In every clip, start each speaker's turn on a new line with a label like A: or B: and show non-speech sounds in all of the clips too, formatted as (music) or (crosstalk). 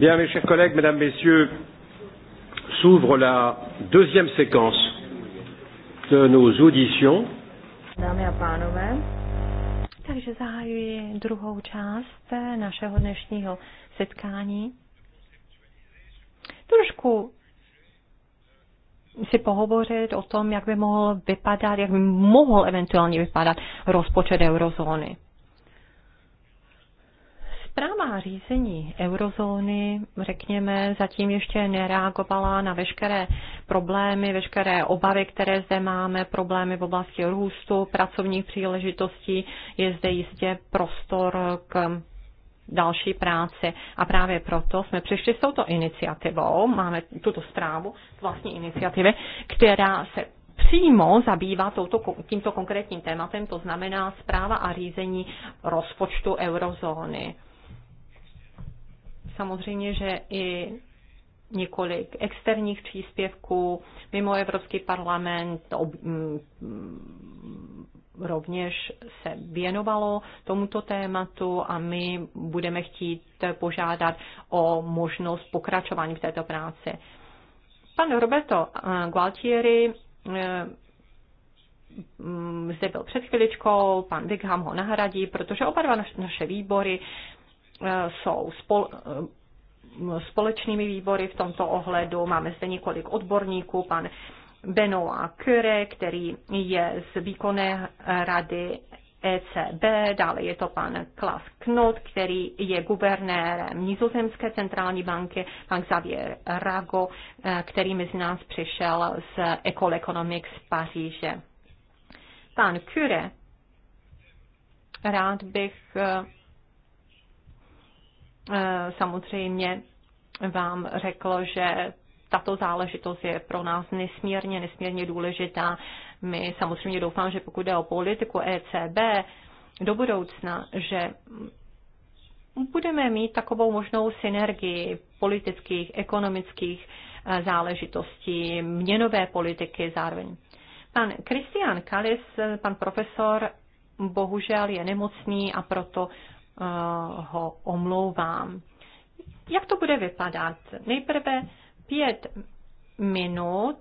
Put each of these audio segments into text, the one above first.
A: Bien, mes chers collègues, mesdames, messieurs, s'ouvre la deuxième séquence de nos auditions. Dámy a pánové,
B: takže zahajuji druhou část eh, našeho dnešního setkání. Trošku si pohovořit o tom, jak by mohl vypadat, jak by mohl eventuálně vypadat rozpočet eurozóny. Zpráva řízení eurozóny, řekněme, zatím ještě nereagovala na veškeré problémy, veškeré obavy, které zde máme, problémy v oblasti růstu, pracovních příležitostí. Je zde jistě prostor k další práci. A právě proto jsme přišli s touto iniciativou, máme tuto zprávu vlastní iniciativy, která se přímo zabývá touto, tímto konkrétním tématem, to znamená zpráva a řízení rozpočtu eurozóny samozřejmě, že i několik externích příspěvků mimo Evropský parlament ob, m, mm, m, rovněž se věnovalo tomuto tématu a my budeme chtít požádat o možnost pokračování v této práci. Pan Roberto eh, Gualtieri eh, mm, zde byl před chviličkou, pan Wickham ho nahradí, protože oba dva naše výbory jsou spol, eh, společnými výbory v tomto ohledu. Máme zde několik odborníků, pan Benoit Kure, který je z výkonné rady ECB, dále je to pan Klaus Knot, který je guvernérem Nizozemské centrální banky, pan Xavier Rago, eh, který mezi nás přišel z Ecole Economics v Paříže. Pan Kure rád bych eh, Eh, samozřejmě vám řekl, že tato záležitost je pro nás nesmírně, nesmírně důležitá. My samozřejmě doufám, že pokud jde o politiku ECB do budoucna, že budeme mít takovou možnou synergii politických, ekonomických eh, záležitostí, měnové politiky zároveň. Pan Kristian Kalis, eh, pan profesor, bohužel je nemocný a proto Eh, ho omlouvám. Jak to bude vypadat? Nejprve pět minut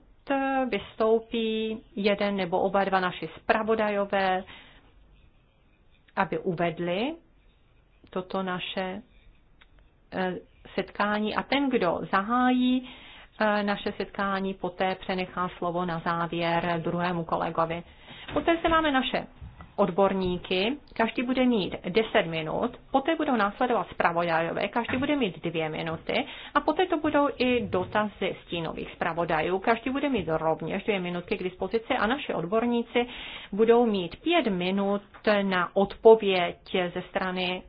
B: vystoupí jeden nebo oba dva naši zpravodajové, aby uvedli toto naše eh, setkání a ten, kdo zahájí eh, naše setkání, poté přenechá slovo na závěr druhému kolegovi. Poté se máme naše odborníky, každý bude mít 10 minut, poté budou následovat zpravodajové, každý bude mít 2 minuty a poté to budou i dotazy stínových zpravodajů, každý bude mít rovněž 2 minutky k dispozici a naše odborníci budou mít 5 minut na odpověď ze strany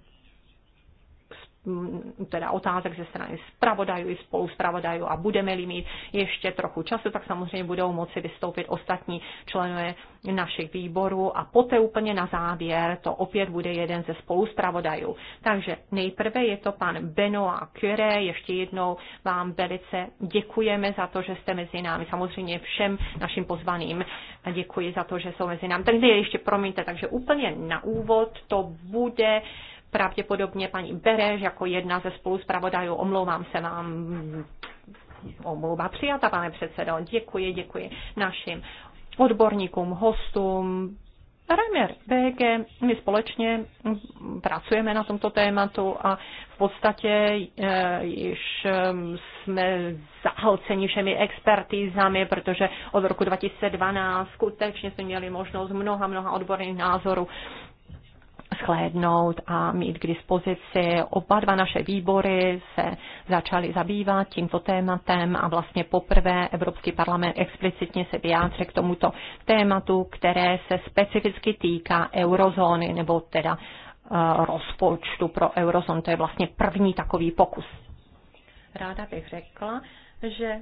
B: Mm, teda otázek ze strany zpravodajů i spolu zpravodajů a budeme-li mít ještě trochu času, tak samozřejmě budou moci vystoupit ostatní členové našich výborů a poté úplně na závěr to opět bude jeden ze spolu zpravodajů. Takže nejprve je to pan Benoit Curé, ještě jednou vám velice děkujeme za to, že jste mezi námi, samozřejmě všem našim pozvaným děkuji za to, že jsou mezi námi. Takže ještě promiňte, takže úplně na úvod to bude pravděpodobně paní Bereš jako jedna ze spoluzpravodajů. Omlouvám se vám. Omlouva přijata, pane předsedo. Děkuji, děkuji našim odborníkům, hostům, Reimer BG, my společně pracujeme na tomto tématu a v podstatě eh, již eh, jsme zahlceni všemi expertízami, protože od roku 2012 skutečně jsme měli možnost mnoha, mnoha odborných názorů schlédnout a mít k dispozici. Oba dva naše výbory se začaly zabývat tímto tématem a vlastně poprvé Evropský parlament explicitně se vyjádřil k tomuto tématu, které se specificky týká eurozóny nebo teda eh, rozpočtu pro eurozón. To je vlastně první takový pokus. Ráda bych řekla, že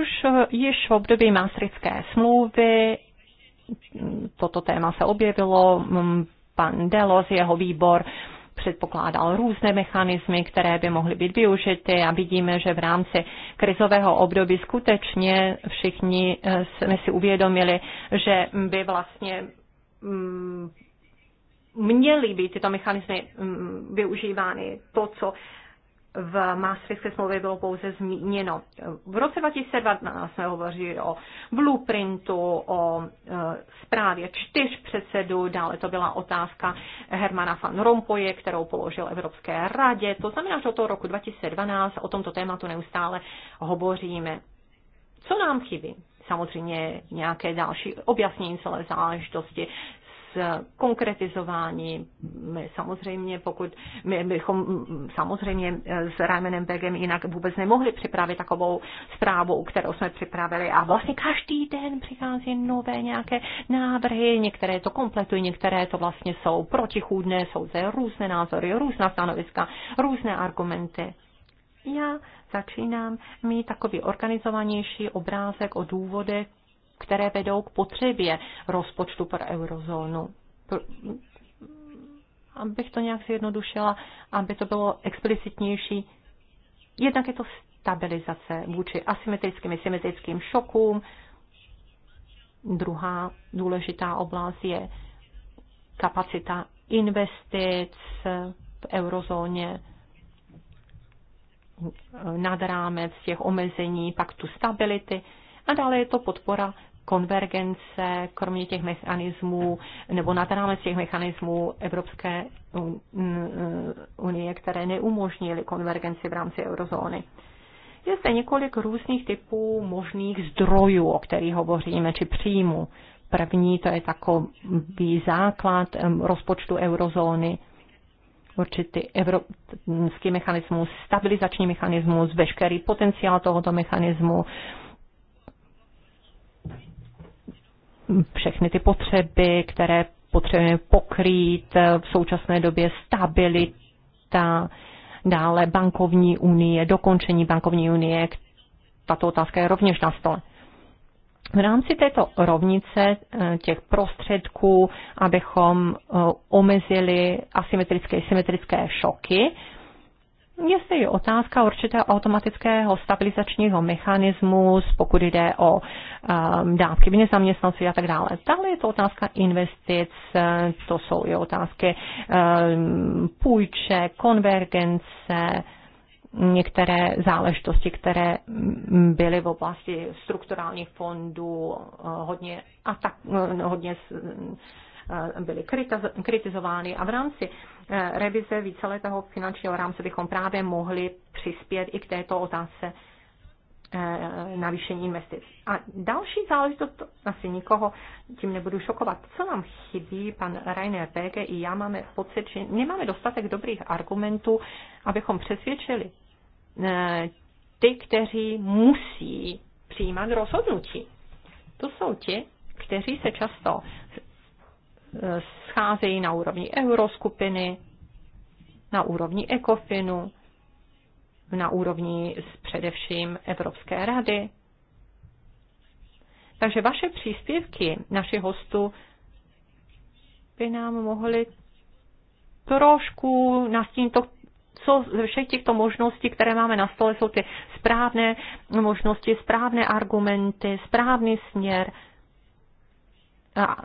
B: už eh, již v období Maastrichtské smlouvy toto téma se objevilo, mm, pan Delos, jeho výbor předpokládal různé mechanismy, které by mohly být využity a vidíme, že v rámci krizového období skutečně všichni eh, jsme si uvědomili, že by vlastně mm, měly být tyto mechanismy mm, využívány. To, co v Maastrichtské smlouvě bylo pouze zmíněno. V roce 2012 jsme hovořili o blueprintu, o e, zprávě čtyř předsedů, dále to byla otázka Hermana van Rompuye, kterou položil Evropské radě. To znamená, že od toho roku 2012 o tomto tématu neustále hovoříme. Co nám chybí? Samozřejmě nějaké další objasnění celé záležitosti konkretizování. My samozřejmě, pokud my bychom samozřejmě s Raimenem Begem jinak vůbec nemohli připravit takovou zprávu, kterou jsme připravili a vlastně každý den přichází nové nějaké návrhy, některé to kompletují, některé to vlastně jsou protichůdné, jsou zde různé názory, různá stanoviska, různé argumenty. Já začínám mít takový organizovanější obrázek o důvodech, které vedou k potřebě rozpočtu pro eurozónu. Abych to nějak zjednodušila, aby to bylo explicitnější. Jednak je to stabilizace vůči asymetrickým i symetrickým šokům. Druhá důležitá oblast je kapacita investic v eurozóně nad rámec těch omezení paktu stability a dále je to podpora konvergence, kromě těch mechanismů, nebo nad rámec těch mechanismů Evropské unie, které neumožnily konvergenci v rámci eurozóny. Je zde několik různých typů možných zdrojů, o kterých hovoříme, či příjmu. První to je takový základ rozpočtu eurozóny, určitý evropský mechanismus, stabilizační mechanismus, veškerý potenciál tohoto mechanismu, všechny ty potřeby, které potřebujeme pokrýt v současné době stabilita, dále bankovní unie, dokončení bankovní unie, tato otázka je rovněž na stole. V rámci této rovnice eh, těch prostředků, abychom eh, omezili asymetrické i symetrické šoky, je otázka určitého automatického stabilizačního mechanismu, pokud jde o um, dávky v nezaměstnanosti a tak dále. Dále je to otázka investic, to jsou i otázky um, půjče, konvergence, některé záležitosti, které byly v oblasti strukturálních fondů uh, hodně, a tak, uh, hodně uh, byly kritizovány a v rámci Eh, revize víceletého finančního rámce bychom právě mohli přispět i k této otázce eh, navýšení investic. A další záležitost, asi nikoho tím nebudu šokovat, co nám chybí, pan Rainer PG i já máme pocit, že nemáme dostatek dobrých argumentů, abychom přesvědčili eh, ty, kteří musí přijímat rozhodnutí. To jsou ti, kteří se často scházejí na úrovni euroskupiny, na úrovni ECOFINu, na úrovni především Evropské rady. Takže vaše příspěvky naši hostů by nám mohly trošku nastínit to, co ze všech těchto možností, které máme na stole, jsou ty správné možnosti, správné argumenty, správný směr,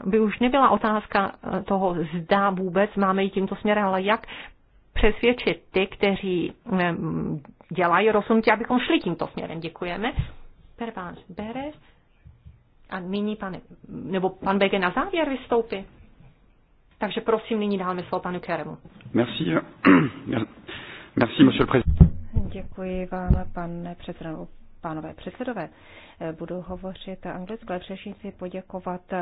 B: by už nebyla otázka eh, toho, zda vůbec máme jít tímto směrem, ale jak přesvědčit ty, kteří dělají rozhodnutí, abychom šli tímto směrem. Děkujeme. Perváš bere A nyní pane, nebo pan Bege na závěr vystoupí. Takže prosím, nyní dáme slovo panu Keremu.
A: Merci. Merci, monsieur le président.
B: Děkuji vám, pane předsedo pánové předsedové, eh, budu hovořit anglicky, ale především si poděkovat eh,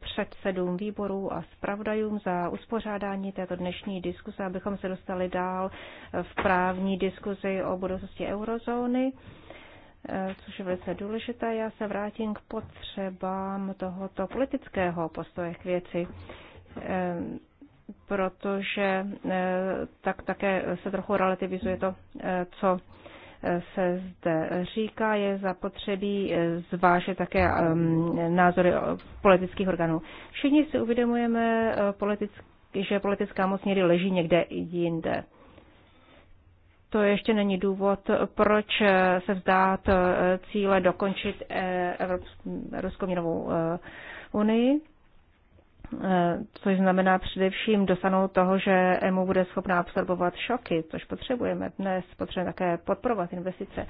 B: předsedům výborů a zpravodajům za uspořádání této dnešní diskuze, abychom se dostali dál eh, v právní diskuzi o budoucnosti eurozóny což je velice důležité. Já se vrátím k potřebám tohoto politického postoje k věci, protože tak také se trochu relativizuje to, co se zde říká, je zapotřebí eh, zvážit také názory politických orgánů. Všichni si uvědomujeme, eh, že politická moc někdy leží někde jinde. To ještě není důvod, proč eh, se vzdát cíle dokončit Evropskou měnovou unii. Eh, což znamená především dosáhnout toho, že EMU bude schopná absorbovat šoky, což potřebujeme dnes, potřebujeme také podporovat investice.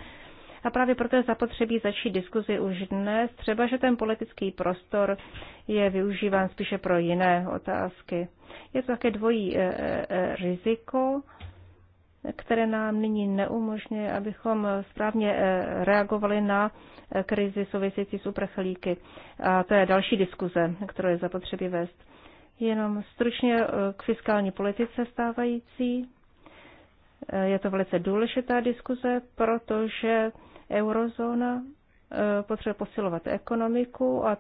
B: A právě proto je zapotřebí začít diskuzi už dnes, třeba že ten politický prostor je využíván spíše pro jiné otázky. Je to také dvojí e, e, riziko, které nám nyní neumožňuje, abychom správně reagovali na krizi související s uprchlíky. A to je další diskuze, kterou je zapotřebí vést. Jenom stručně eh, k fiskální politice stávající. Eh, je to velice důležitá diskuze, protože eurozóna eh, potřebuje posilovat ekonomiku a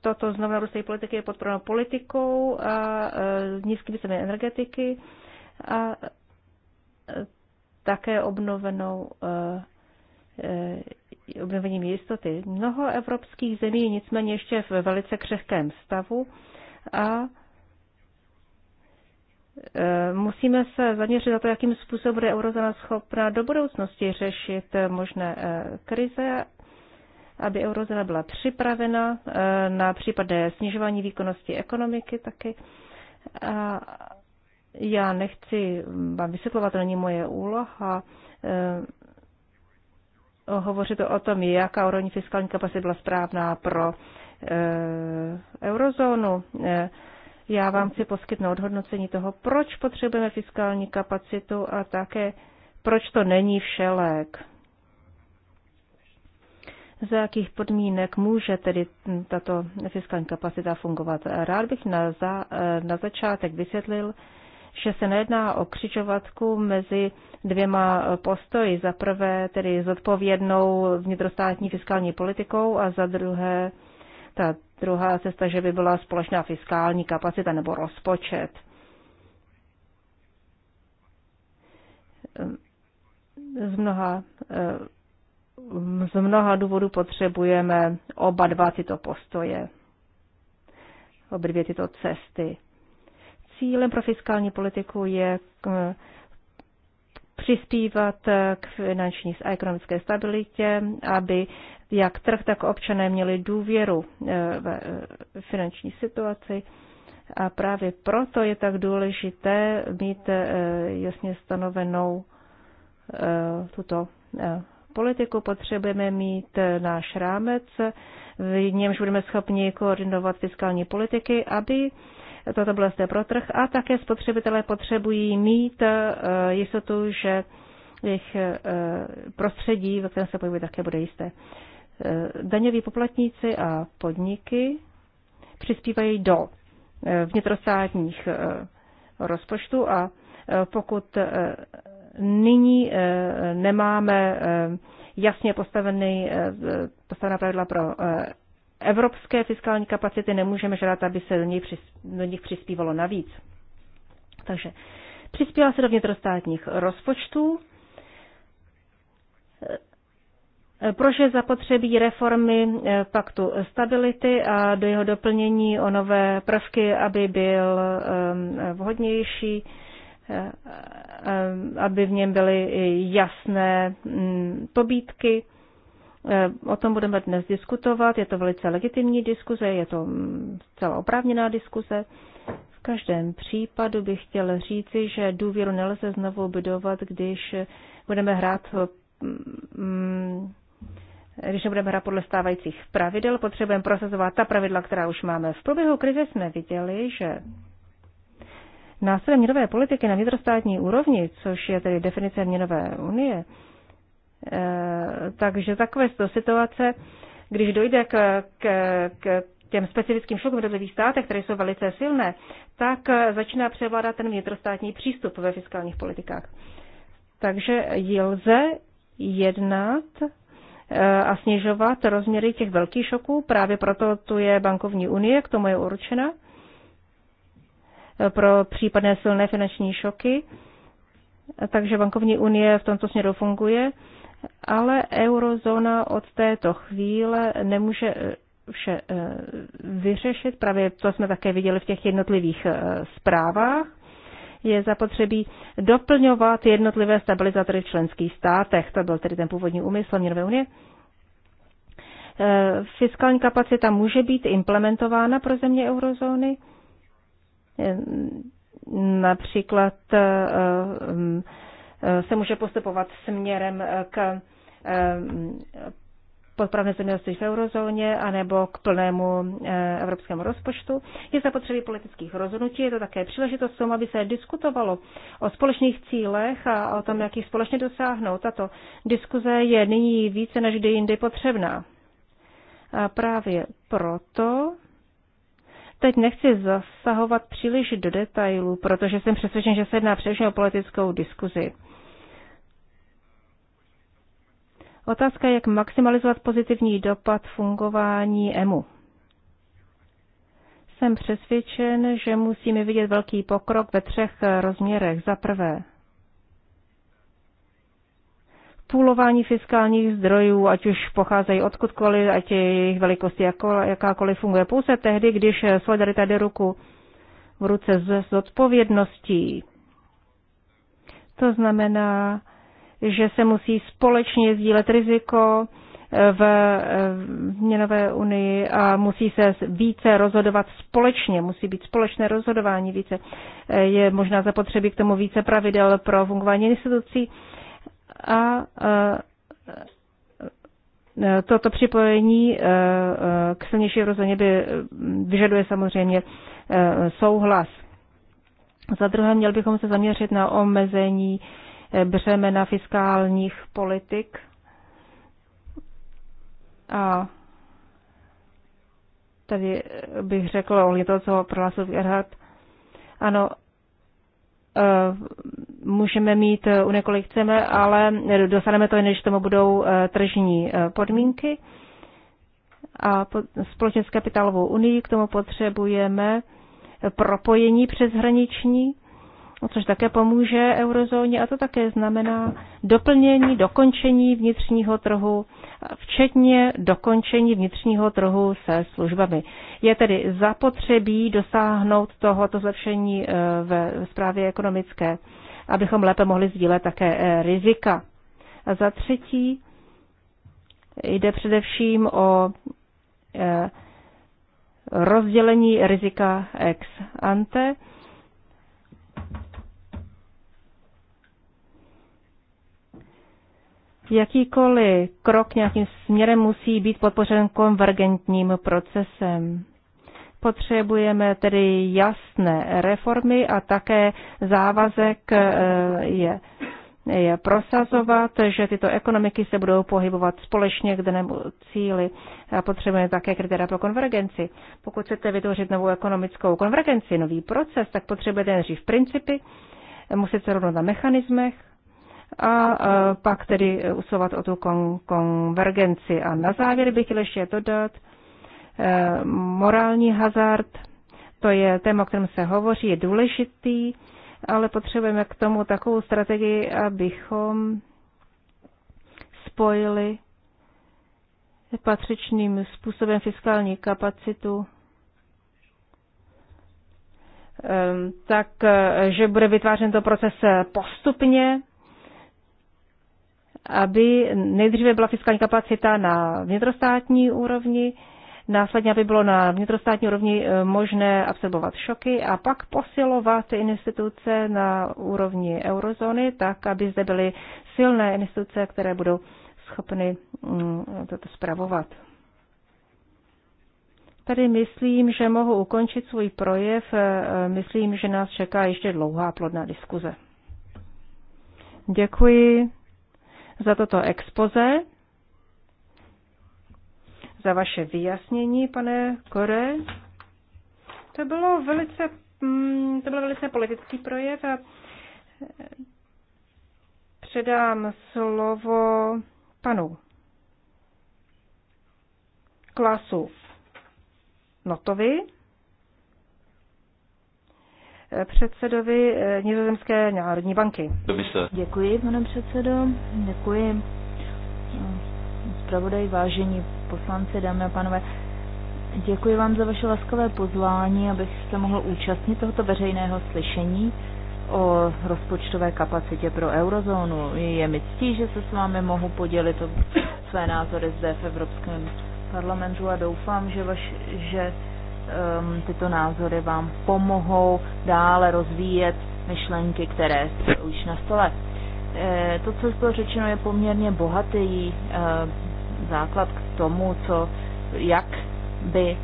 B: toto znovu narůstají politiky je podporováno politikou a nízkými cenami energetiky a také obnovenou objevením jistoty. Mnoho evropských zemí nicméně ještě ve velice křehkém stavu a e, musíme se zaměřit na to, jakým způsobem bude eurozóna schopna do budoucnosti řešit možné e, krize, aby eurozóna byla připravena e, na případné snižování výkonnosti ekonomiky taky. A já nechci vám vysvětlovat, to není moje úloha hovořit o tom, jaká úroveň fiskální kapacita byla správná pro e, eurozónu. E, já vám chci poskytnout hodnocení toho, proč potřebujeme fiskální kapacitu a také proč to není všelék. Za jakých podmínek může tedy tato fiskální kapacita fungovat? Rád bych na, za, e, na začátek vysvětlil, že se nejedná o křižovatku mezi dvěma postoji. Za prvé tedy zodpovědnou vnitrostátní fiskální politikou a za druhé ta druhá cesta, že by byla společná fiskální kapacita nebo rozpočet. Z mnoha, z mnoha důvodů potřebujeme oba dva tyto postoje, obě dvě tyto cesty. Cílem pro fiskální politiku je eh, přispívat eh, k finanční a ekonomické stabilitě, aby jak trh, tak občané měli důvěru eh, v finanční situaci. A právě proto je tak důležité mít jasně stanovenou tuto politiku. Potřebujeme mít náš rámec, v němž budeme schopni koordinovat fiskální politiky, aby Toto bylo zde pro trh a také spotřebitelé potřebují mít eh, jistotu, že jejich eh, prostředí, ve kterém se pohybují, také bude jisté. Eh, daňoví poplatníci a podniky přispívají do vnitrostátních rozpočtu a pokud nyní nemáme jasně postavený, pravidla pro evropské fiskální kapacity nemůžeme žádat, aby se do nich, do nich přispívalo navíc. Takže přispívá se do vnitrostátních rozpočtů, e, proč je zapotřebí reformy e, paktu stability a do jeho doplnění o nové prvky, aby byl vhodnější, e, aby v něm byly jasné mm, pobídky. Eh, o tom budeme dnes diskutovat, je to velice legitimní diskuze, je to mm, celá oprávněná diskuze. V každém případu bych chtěl říci, že důvěru nelze znovu budovat, když budeme hrát eh, mm, když nebudeme hrát podle stávajících pravidel, potřebujeme prosazovat ta pravidla, která už máme. V průběhu krize jsme viděli, že nástroje měnové politiky na vnitrostátní úrovni, což je tedy definice měnové unie, takže takové situace, když dojde k, k, k těm specifickým šokům v jednotlivých státech, které jsou velice silné, tak začíná převládat ten vnitrostátní přístup ve fiskálních politikách. Takže lze jednat eh, a snižovat rozměry těch velkých šoků. Právě proto tu je bankovní unie, k tomu je určena eh, pro případné silné finanční šoky. Takže bankovní unie v tomto směru funguje ale eurozóna od této chvíle nemůže eh, vše eh, vyřešit. Právě to jsme také viděli v těch jednotlivých eh, zprávách. Je zapotřebí doplňovat jednotlivé stabilizátory v členských státech. To byl tedy ten původní úmysl Měnové unie. Fiskální kapacita může být implementována pro země eurozóny. Například Eh, se může postupovat směrem k eh, podpravné zemědělství v eurozóně anebo k plnému eh, evropskému rozpočtu. Je zapotřebí politických rozhodnutí, je to také příležitost tomu, aby se diskutovalo o společných cílech a o tom, jak jich společně dosáhnout. Tato diskuze je nyní více než kdy jindy potřebná. A právě proto Teď nechci zasahovat příliš do detailů, protože jsem přesvědčen, že se jedná především o politickou diskuzi. Otázka je, jak maximalizovat pozitivní dopad fungování EMU. Jsem přesvědčen, že musíme vidět velký pokrok ve třech rozměrech. Za prvé, půlování fiskálních zdrojů, ať už pocházejí odkudkoliv, ať je jejich velikost jako, jakákoliv funguje pouze tehdy, když solidarita jde ruku v ruce s, s odpovědností. To znamená, že se musí společně sdílet riziko eh, eh, v měnové unii a musí se více rozhodovat společně, musí být společné rozhodování více. Eh, je možná zapotřebí k tomu více pravidel pro fungování institucí a e, e, toto připojení e, k silnější rozeně by vyžaduje samozřejmě souhlas. Za druhé, měl bychom se zaměřit na omezení břemena fiskálních politik a tady bych řekl ohledně toho, co prohlásil Gerhard. Ano, můžeme mít eh, u několik chceme, ale dostaneme to, než tomu budou eh, tržní eh, podmínky. A společně s kapitálovou unii k tomu potřebujeme propojení přeshraniční, což také pomůže eurozóně a to také znamená doplnění, dokončení vnitřního trhu, včetně dokončení vnitřního trhu se službami. Je tedy zapotřebí dosáhnout tohoto zlepšení ve zprávě ekonomické abychom lépe mohli sdílet také eh, rizika. A za třetí jde především o eh, rozdělení rizika ex ante. Jakýkoliv krok nějakým směrem musí být podpořen konvergentním procesem. Potřebujeme tedy jasné reformy a také závazek eh, je, je prosazovat, že tyto ekonomiky se budou pohybovat společně k danému cíli. A potřebujeme také kritéria pro konvergenci. Pokud chcete vytvořit novou ekonomickou konvergenci, nový proces, tak potřebujete nejdřív principy, musíte se rovnout na mechanismech, a eh, pak tedy usilovat o tu kon- konvergenci. A na závěr bych chtěl ještě dodat, Eh, morální hazard, to je téma, o kterém se hovoří, je důležitý, ale potřebujeme k tomu takovou strategii, abychom spojili patřičným způsobem fiskální kapacitu ehm, tak, eh, že bude vytvářen to proces eh, postupně, aby nejdříve byla fiskální kapacita na vnitrostátní úrovni, následně, aby bylo na vnitrostátní úrovni e, možné absorbovat šoky a pak posilovat instituce na úrovni eurozóny, tak aby zde byly silné instituce, které budou schopny mm, toto zpravovat. Tady myslím, že mohu ukončit svůj projev. E, e, myslím, že nás čeká ještě dlouhá plodná diskuze. Děkuji za toto expoze za vaše vyjasnění, pane Kore. To bylo velice, mm, to byl velice politický projev a e, předám slovo panu Klasu Notovi, e, předsedovi e, Nizozemské národní banky. Děkuji, pane
A: předsedo. Děkuji. Zpravodaj vážení poslanci, dámy a pánové, děkuji vám za vaše laskavé pozvání, abych se mohl účastnit tohoto veřejného slyšení o rozpočtové kapacitě pro eurozónu. Je mi ctí, že se s vámi mohu podělit o své názory zde v Evropském parlamentu a doufám, že, vaš, že um, tyto názory vám pomohou dále rozvíjet myšlenky, které jsou už na stole. E, to, co bylo řečeno, je poměrně bohatý e, základ k tomu, co, jak by,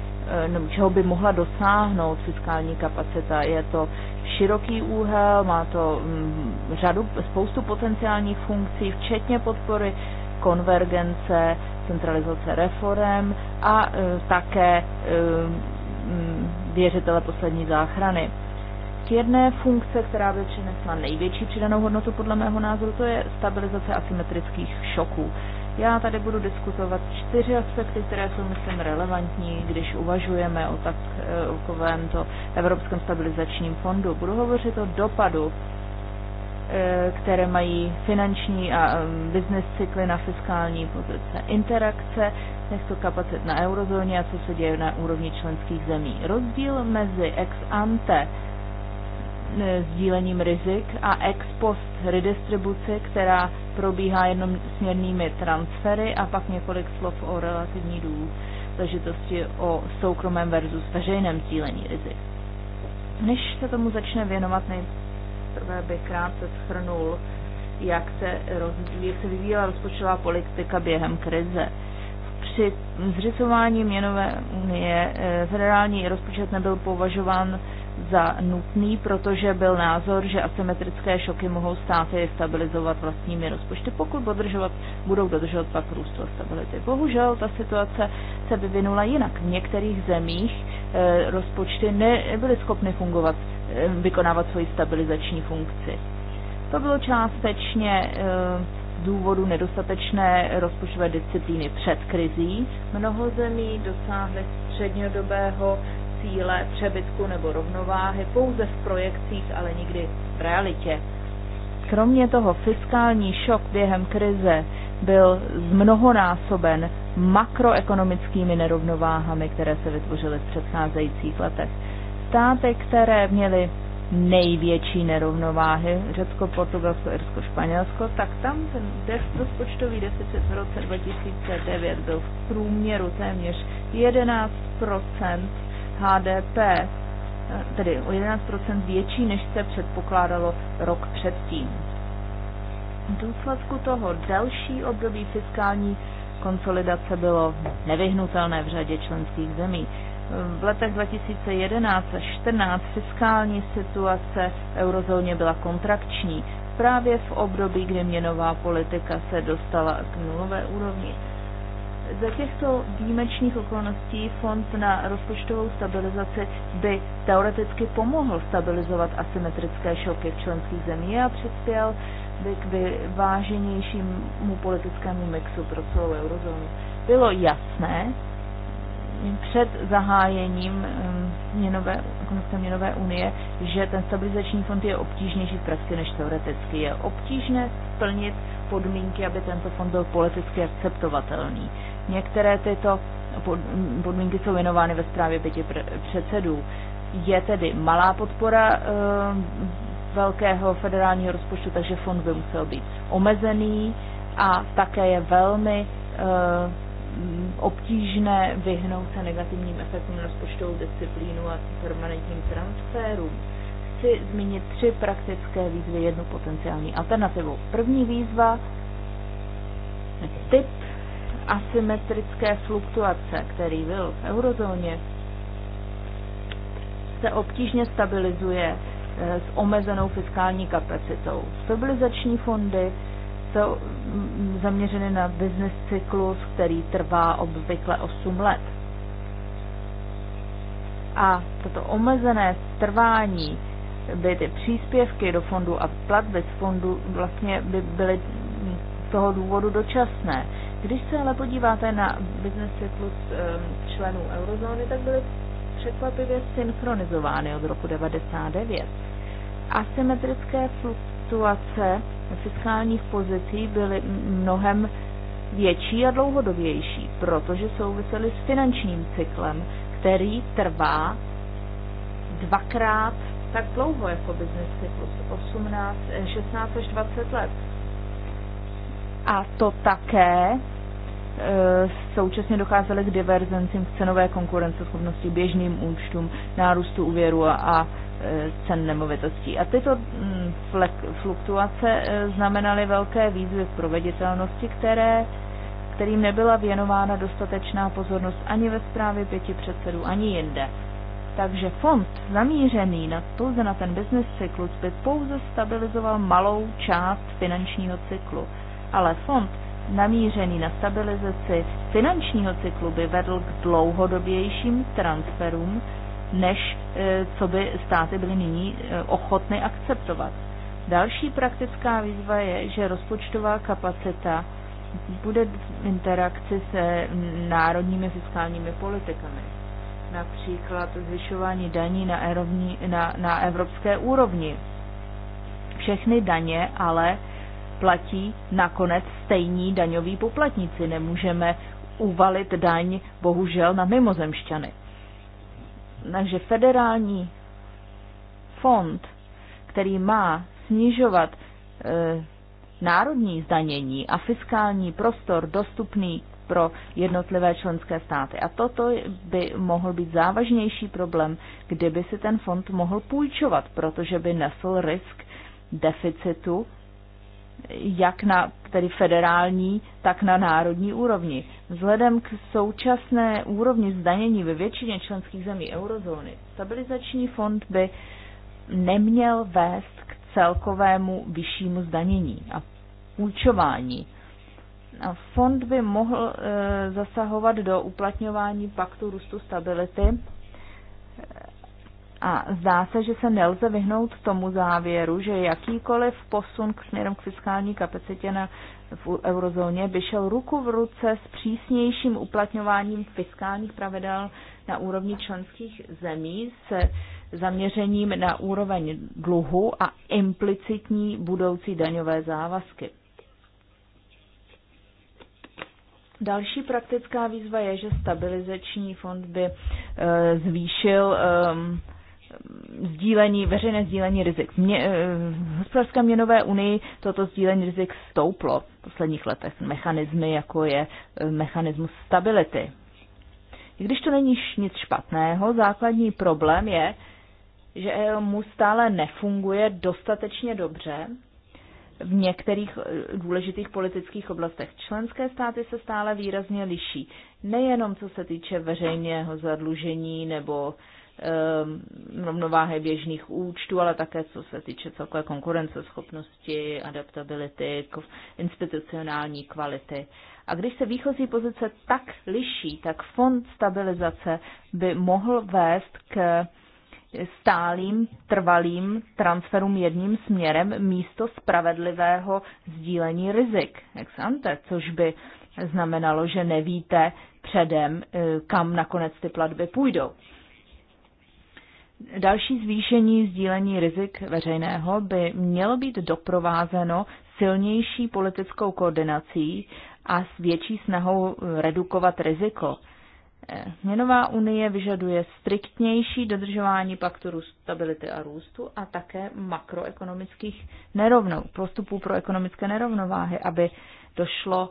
A: e, nebo čeho by mohla dosáhnout fiskální kapacita. Je to široký úhel, má to mm, řadu, spoustu potenciálních funkcí, včetně podpory konvergence, centralizace reform a e, také e, mm, věřitele poslední záchrany jedné funkce, která by přinesla největší přidanou hodnotu podle mého názoru, to je stabilizace asymetrických šoků. Já tady budu diskutovat čtyři aspekty, které jsou, myslím, relevantní, když uvažujeme o eh, takovémto Evropském stabilizačním fondu. Budu hovořit o dopadu, eh, které mají finanční a eh, business cykly na fiskální pozice, interakce těchto kapacit na eurozóně a co se děje na úrovni členských zemí. Rozdíl mezi ex ante Eh, sdílením rizik a ex post redistribuci, která probíhá jenom směrnými transfery a pak několik slov o relativní důležitosti o soukromém versus veřejném sdílení rizik. Než se tomu začne věnovat, nejprve bych krátce schrnul, jak se, rozvíjí, jak se vyvíjela rozpočtová politika během krize při zřizování měnové unie eh, federální rozpočet nebyl považován za nutný, protože byl názor, že asymetrické šoky mohou státy stabilizovat vlastními rozpočty, pokud dodržovat, budou dodržovat pak růstu a stability. Bohužel ta situace se vyvinula jinak. V některých zemích e, rozpočty nebyly schopny fungovat, e, vykonávat svoji stabilizační funkci. To bylo částečně e, z důvodu nedostatečné rozpočtové disciplíny před krizí. Mnoho zemí dosáhly střednědobého cíle přebytku nebo rovnováhy pouze v projekcích, ale nikdy v realitě. Kromě toho fiskální šok během krize byl zmnohonásoben makroekonomickými nerovnováhami, které se vytvořily v předcházejících letech. Státy, které měly největší nerovnováhy, Řecko, Portugalsko, Irsko, Španělsko, tak tam ten rozpočtový deficit v roce 2009 byl v průměru téměř 11 HDP, eh, tedy o 11 větší, než se předpokládalo rok předtím. V důsledku toho další období fiskální konsolidace bylo nevyhnutelné v řadě členských zemí. V letech 2011 a 2014 fiskální situace v eurozóně byla kontrakční, právě v období, kdy měnová politika se dostala k nulové úrovni. Za těchto výjimečných okolností Fond na rozpočtovou stabilizaci by teoreticky pomohl stabilizovat asymetrické šoky v členských zemí a přispěl by k vyváženějšímu politickému mixu pro celou eurozónu. Bylo jasné před zahájením ehm, měnové, ekonomické měnové unie, že ten stabilizační fond je obtížnější v praxi než teoreticky. Je obtížné splnit podmínky, aby tento fond byl politicky akceptovatelný. Některé tyto podmínky jsou věnovány ve zprávě pěti předsedů. Je tedy malá podpora eh, velkého federálního rozpočtu, takže fond by musel být omezený a také je velmi eh, obtížné vyhnout se negativním efektům rozpočtovou disciplínu a permanentním transferům. Chci zmínit tři praktické výzvy, jednu potenciální alternativu. První výzva, typ asymetrické fluktuace, který byl v eurozóně, se obtížně stabilizuje eh, s omezenou fiskální kapacitou. Stabilizační fondy jsou mm, zaměřeny na business cyklus, který trvá obvykle 8 let. A toto omezené trvání by ty příspěvky do fondu a platby z fondu vlastně by byly z toho důvodu dočasné. Když se ale podíváte na Business Cyklus ehm, členů eurozóny, tak byly překvapivě synchronizovány od roku 1999. Asymetrické fluktuace fiskálních pozicí byly mnohem větší a dlouhodobější, protože souvisely s finančním cyklem, který trvá dvakrát tak dlouho jako business cyklus, 18, 16 až 20 let. A to také Eh, současně docházely k diverzencím v cenové konkurenceschopnosti, běžným účtům, nárůstu úvěru a eh, cen nemovitostí. A tyto mm, fluktuace eh, znamenaly velké výzvy v proveditelnosti, které, kterým nebyla věnována dostatečná pozornost ani ve zprávě pěti předsedů, ani jinde. Takže fond zamířený na, pouze na ten business cyklus by pouze stabilizoval malou část finančního cyklu, ale fond namířený na stabilizaci finančního cyklu by vedl k dlouhodobějším transferům, než e, co by státy byly nyní e, ochotny akceptovat. Další praktická výzva je, že rozpočtová kapacita bude v interakci se národními fiskálními politikami. Například zvyšování daní na, erovní, na, na evropské úrovni. Všechny daně ale platí nakonec stejní daňoví poplatníci. Nemůžeme uvalit daň bohužel na mimozemšťany. Takže federální fond, který má snižovat e, národní zdanění a fiskální prostor dostupný pro jednotlivé členské státy. A toto by mohl být závažnější problém, kdyby si ten fond mohl půjčovat, protože by nesl risk deficitu jak na tedy federální, tak na národní úrovni. Vzhledem k současné úrovni zdanění ve většině členských zemí eurozóny, stabilizační fond by neměl vést k celkovému vyššímu zdanění a půjčování. A fond by mohl e, zasahovat do uplatňování paktu růstu stability a zdá se, že se nelze vyhnout tomu závěru, že jakýkoliv posun k směrem k fiskální kapacitě na, v eurozóně by šel ruku v ruce s přísnějším uplatňováním fiskálních pravidel na úrovni členských zemí se zaměřením na úroveň dluhu a implicitní budoucí daňové závazky. Další praktická výzva je, že stabilizační fond by eh, zvýšil ehm, sdílení, veřejné sdílení rizik. V, mě, eh, v hospodářské měnové unii toto sdílení rizik stouplo v posledních letech. Mechanismy, jako je eh, mechanismus stability. I když to není nic špatného, základní problém je, že e mu stále nefunguje dostatečně dobře v některých eh, důležitých politických oblastech. Členské státy se stále výrazně liší. Nejenom co se týče veřejného zadlužení nebo rovnováhy um, běžných účtů, ale také co se týče celkové konkurenceschopnosti, adaptability, institucionální kvality. A když se výchozí pozice tak liší, tak fond stabilizace by mohl vést k stálým, trvalým transferům jedním směrem místo spravedlivého sdílení rizik jak ante, což by znamenalo, že nevíte předem, eh, kam nakonec ty platby půjdou. Další zvýšení sdílení rizik veřejného by mělo být doprovázeno silnější politickou koordinací a s větší snahou redukovat riziko. Měnová unie vyžaduje striktnější dodržování paktu růstu stability a růstu a také makroekonomických nerovnou, postupů pro ekonomické nerovnováhy, aby došlo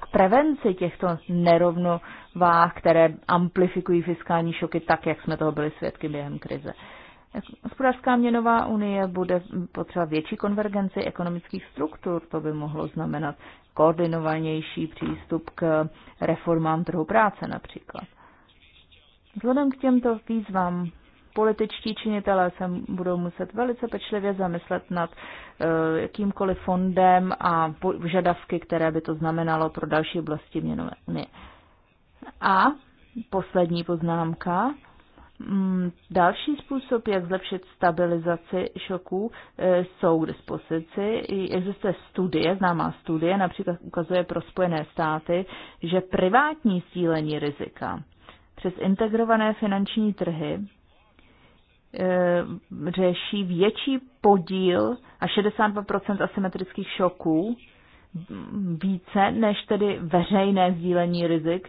A: k prevenci těchto nerovnováh, které amplifikují fiskální šoky tak, jak jsme toho byli svědky během krize. Hospodářská měnová unie bude potřebovat větší konvergenci ekonomických struktur. To by mohlo znamenat koordinovanější přístup k reformám trhu práce například. Vzhledem k těmto výzvám političtí činitelé se budou muset velice pečlivě zamyslet nad Eh, jakýmkoliv fondem a požadavky, které by to znamenalo pro další oblasti měnové unie. A poslední poznámka. Mm, další způsob, jak zlepšit stabilizaci šoků, eh, jsou k dispozici. Existuje studie, známá studie, například ukazuje pro Spojené státy, že privátní sílení rizika přes integrované finanční trhy Eh, řeší větší podíl a 62% asymetrických šoků, více než tedy veřejné sdílení rizik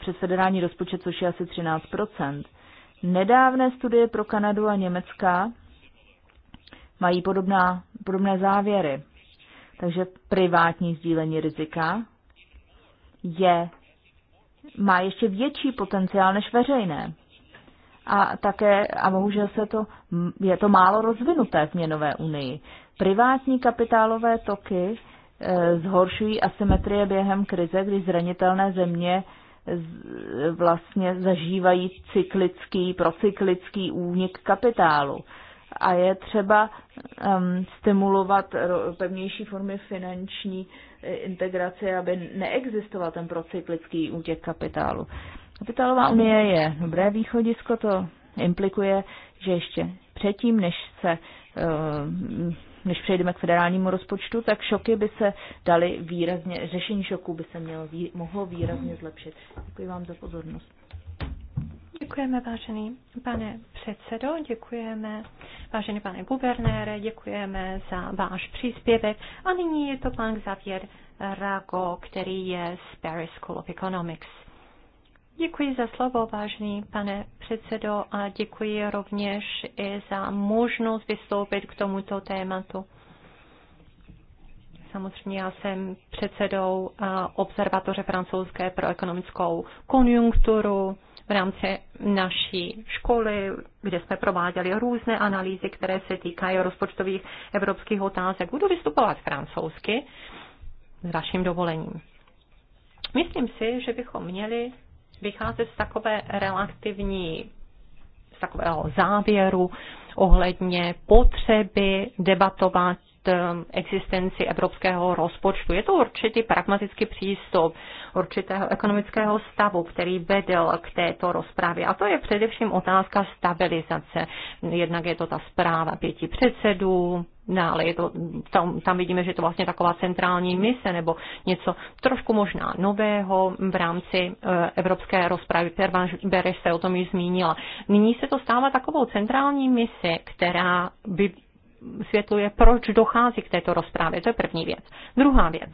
A: přes federální rozpočet, což je asi 13%. Nedávné studie pro Kanadu a Německa mají podobná, podobné závěry. Takže privátní sdílení rizika je, má ještě větší potenciál než veřejné a také, a bohužel se to, je to málo rozvinuté v měnové unii. Privátní kapitálové toky e, zhoršují asymetrie během krize, kdy zranitelné země vlastně zažívají cyklický, procyklický únik kapitálu. A je třeba um, stimulovat pevnější formy finanční e, integrace, aby neexistoval ten procyklický útěk kapitálu. Um, Kapitálová unie je dobré východisko, to implikuje, že ještě předtím, než se eh, než přejdeme k federálnímu rozpočtu, tak šoky by se daly výrazně, řešení šoků by se mělo, mohlo výrazně zlepšit. Děkuji vám za pozornost.
B: Děkujeme, vážený pane předsedo, děkujeme, vážený pane guvernére, děkujeme za váš příspěvek. A nyní je to pan Xavier Rago, který je z Paris School of Economics. Děkuji za slovo, vážený pane předsedo, a děkuji rovněž i za možnost vystoupit k tomuto tématu. Samozřejmě já jsem předsedou Observatoře francouzské pro ekonomickou konjunkturu v rámci naší školy, kde jsme prováděli různé analýzy, které se týkají rozpočtových evropských otázek. Budu vystupovat francouzsky s vaším dovolením. Myslím si, že bychom měli vycházet z takové relativní, z takového závěru ohledně potřeby debatovat ehm, existenci evropského rozpočtu. Je to určitý pragmatický přístup určitého ekonomického stavu, který vedl k této rozpravě. A to je především otázka stabilizace. Jednak je to ta zpráva pěti předsedů, dále no, je to, tam, tam vidíme, že je to vlastně taková centrální mise nebo něco trošku možná nového v rámci eh, evropské rozpravy. Bereš se o tom již zmínila. Nyní se to stává takovou centrální mise, která by světluje, proč dochází k této rozprávě. To je první věc. Druhá věc.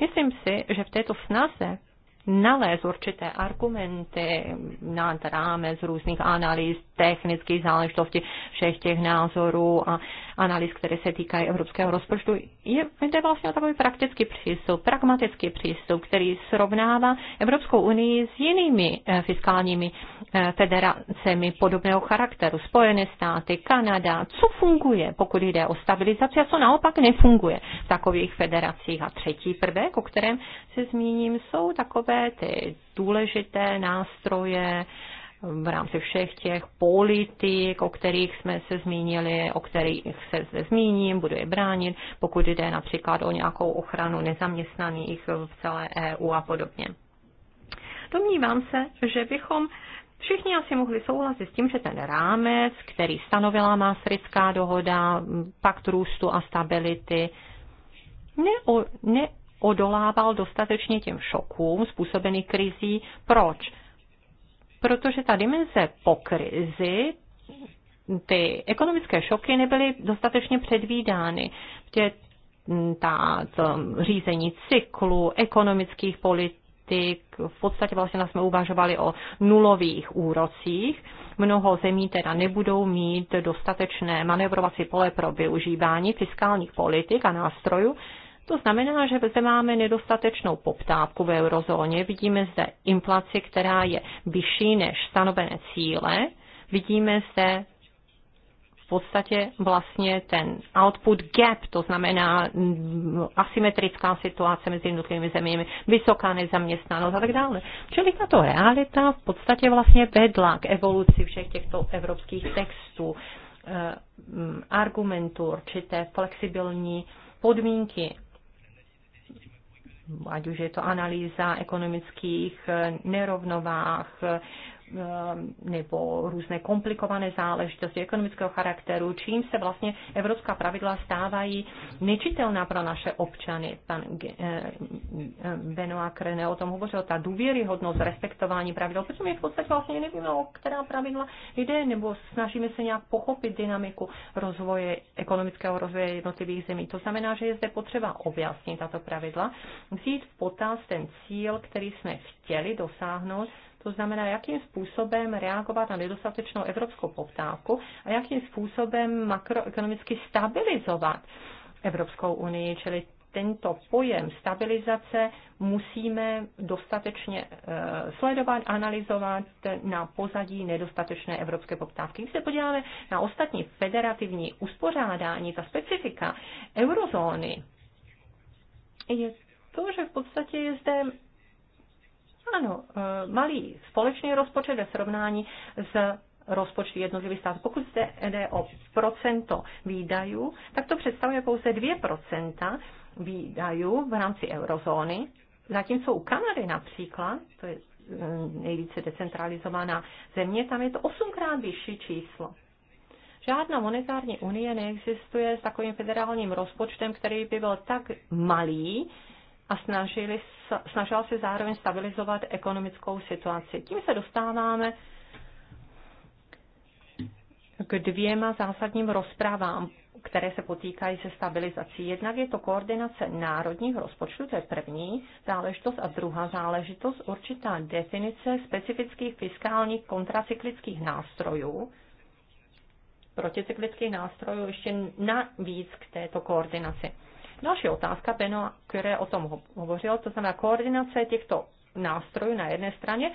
B: Myslím si, že v této snaze nalézt určité argumenty nad rámec různých analýz, technických záležitostí, všech těch názorů a analýz, které se týkají evropského rozpočtu. Je, to vlastně takový praktický přístup, pragmatický přístup, který srovnává Evropskou unii s jinými eh, fiskálními eh, federacemi podobného charakteru. Spojené státy, Kanada, co funguje, pokud jde o stabilizaci a co naopak nefunguje v takových federacích. A třetí prvek, o kterém se zmíním, jsou takové sebe ty důležité nástroje v rámci všech těch politik, o kterých jsme se zmínili, o kterých se zde zmíním, budu je bránit, pokud jde například o nějakou ochranu nezaměstnaných v celé EU a podobně. Domnívám se, že bychom Všichni asi mohli souhlasit s tím, že ten rámec, který stanovila Maastrichtská dohoda, pakt růstu a stability, neo, ne, odolával dostatečně těm šokům způsobený krizí. Proč? Protože ta dimenze po krizi ty ekonomické šoky nebyly dostatečně předvídány. Tě, mm, ta, to řízení cyklu, ekonomických politik, v podstatě vlastně jsme uvažovali o nulových úrocích. Mnoho zemí teda nebudou mít dostatečné manevrovací pole pro využívání fiskálních politik a nástrojů, to znamená, že zde máme nedostatečnou poptávku v eurozóně, vidíme zde inflaci, která je vyšší než stanovené cíle, vidíme zde v podstatě vlastně ten output gap, to znamená asymetrická situace mezi jednotlivými zeměmi, vysoká nezaměstnanost a tak dále. Čili tato realita v podstatě vlastně vedla k evoluci všech těchto evropských textů, eh, argumentů, určité flexibilní podmínky ať už je to analýza ekonomických eh, nerovnovách, Eh, nebo různé komplikované záležitosti ekonomického charakteru, čím se vlastně evropská pravidla stávají nečitelná pro naše občany. Pan eh, Benoit Krene o tom hovořil, ta důvěryhodnost, respektování pravidel, protože my v podstatě vlastně nevíme, o která pravidla jde, nebo snažíme se nějak pochopit dynamiku rozvoje, ekonomického rozvoje jednotlivých zemí. To znamená, že je zde potřeba objasnit tato pravidla, vzít v potaz ten cíl, který jsme chtěli dosáhnout, to znamená, jakým způsobem reagovat na nedostatečnou evropskou poptávku a jakým způsobem makroekonomicky stabilizovat Evropskou unii, čili tento pojem stabilizace musíme dostatečně eh, sledovat, analyzovat na pozadí nedostatečné evropské poptávky. Když se podíváme na ostatní federativní uspořádání, ta specifika eurozóny, je to, že v podstatě je zde ano, eh, malý společný rozpočet ve srovnání s rozpočty jednotlivých států. Pokud jde, jde o procento výdajů, tak to představuje pouze 2% výdajů v rámci eurozóny, zatímco u Kanady například, to je mm, nejvíce decentralizovaná země, tam je to osmkrát vyšší číslo. Žádná monetární unie neexistuje s takovým federálním rozpočtem, který by byl tak malý, a snažili, snažila se zároveň stabilizovat ekonomickou situaci. Tím se dostáváme k dvěma zásadním rozprávám, které se potýkají se stabilizací. Jednak je to koordinace národních rozpočtů, to je první záležitost, a druhá záležitost určitá definice specifických fiskálních kontracyklických nástrojů, proticyklických nástrojů ještě navíc k této koordinaci. Další otázka, Beno které o tom hovořil, to znamená koordinace těchto nástrojů na jedné straně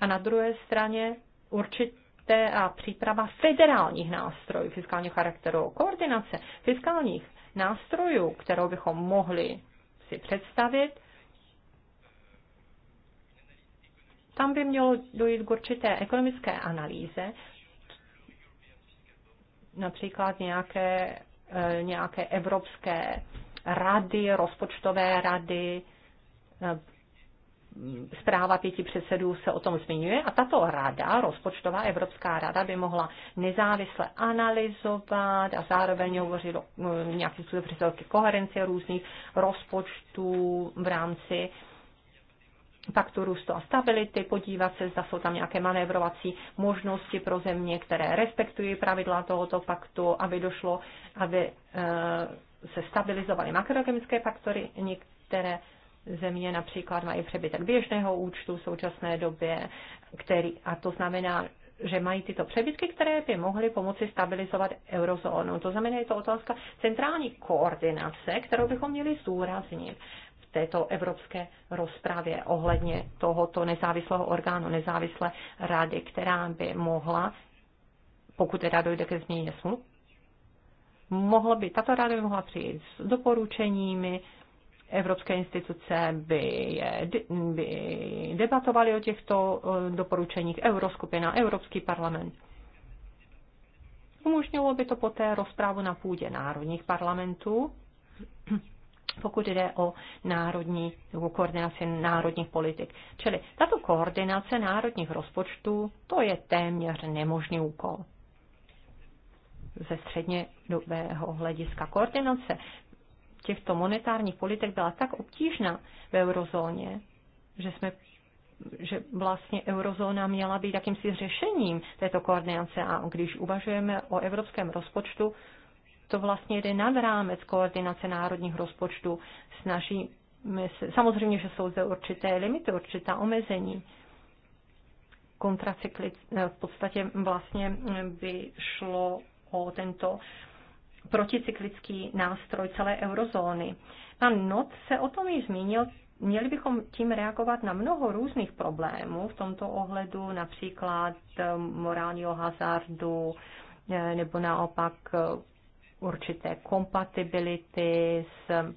B: a na druhé straně určité a příprava federálních nástrojů fiskálního charakteru, koordinace fiskálních nástrojů, kterou bychom mohli si představit, tam by mělo dojít k určité ekonomické analýze, například nějaké, eh, nějaké evropské rady, rozpočtové rady, eh, zpráva pěti předsedů se o tom zmiňuje a tato rada, rozpočtová Evropská rada, by mohla nezávisle analyzovat a zároveň hovořit o eh, nějakým způsobem koherenci různých rozpočtů v rámci paktu růstu a stability, podívat se, zda jsou tam nějaké manévrovací možnosti pro země, které respektují pravidla tohoto paktu, aby došlo, aby eh, se stabilizovaly makroekonomické faktory, některé země například mají přebytek běžného účtu v současné době, který, a to znamená, že mají tyto přebytky, které by mohly pomoci stabilizovat eurozónu. To znamená, je to otázka centrální koordinace, kterou bychom měli zdůraznit v této evropské rozpravě ohledně tohoto nezávislého orgánu, nezávislé rady, která by mohla, pokud teda dojde ke změně smluv, mohlo by, tato rada by mohla přijít s doporučeními, evropské instituce by, je, by debatovali o těchto eh, doporučeních, Euroskupina, Evropský parlament. Umožnilo by to poté rozprávu na půdě národních parlamentů, (clears throat) pokud jde o národní nebo koordinaci národních politik. Čili tato koordinace národních rozpočtů, to je téměř nemožný úkol ze středně dobého hlediska. Koordinace těchto monetárních politik byla tak obtížná v eurozóně, že jsme že vlastně eurozóna měla být jakýmsi řešením této koordinace a když uvažujeme o evropském rozpočtu, to vlastně jde nad rámec koordinace národních rozpočtů. se, samozřejmě, že jsou zde určité limity, určitá omezení. Kontracyklic, v podstatě vlastně by šlo o tento proticyklický nástroj celé eurozóny. Pan Not se o tom již zmínil, Měli bychom tím reagovat na mnoho různých problémů v tomto ohledu, například eh, morálního hazardu, eh, nebo naopak eh, určité kompatibility s,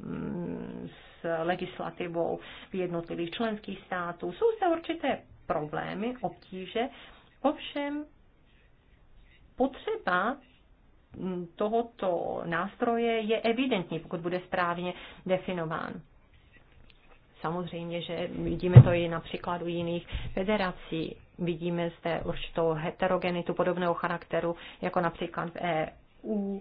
B: mm, s legislativou v jednotlivých členských států. Jsou se určité problémy, obtíže, ovšem potřeba mm, tohoto nástroje je evidentní, pokud bude správně definován. Samozřejmě, že vidíme to i na příkladu jiných federací. Vidíme zde určitou heterogenitu podobného charakteru, jako například v EU.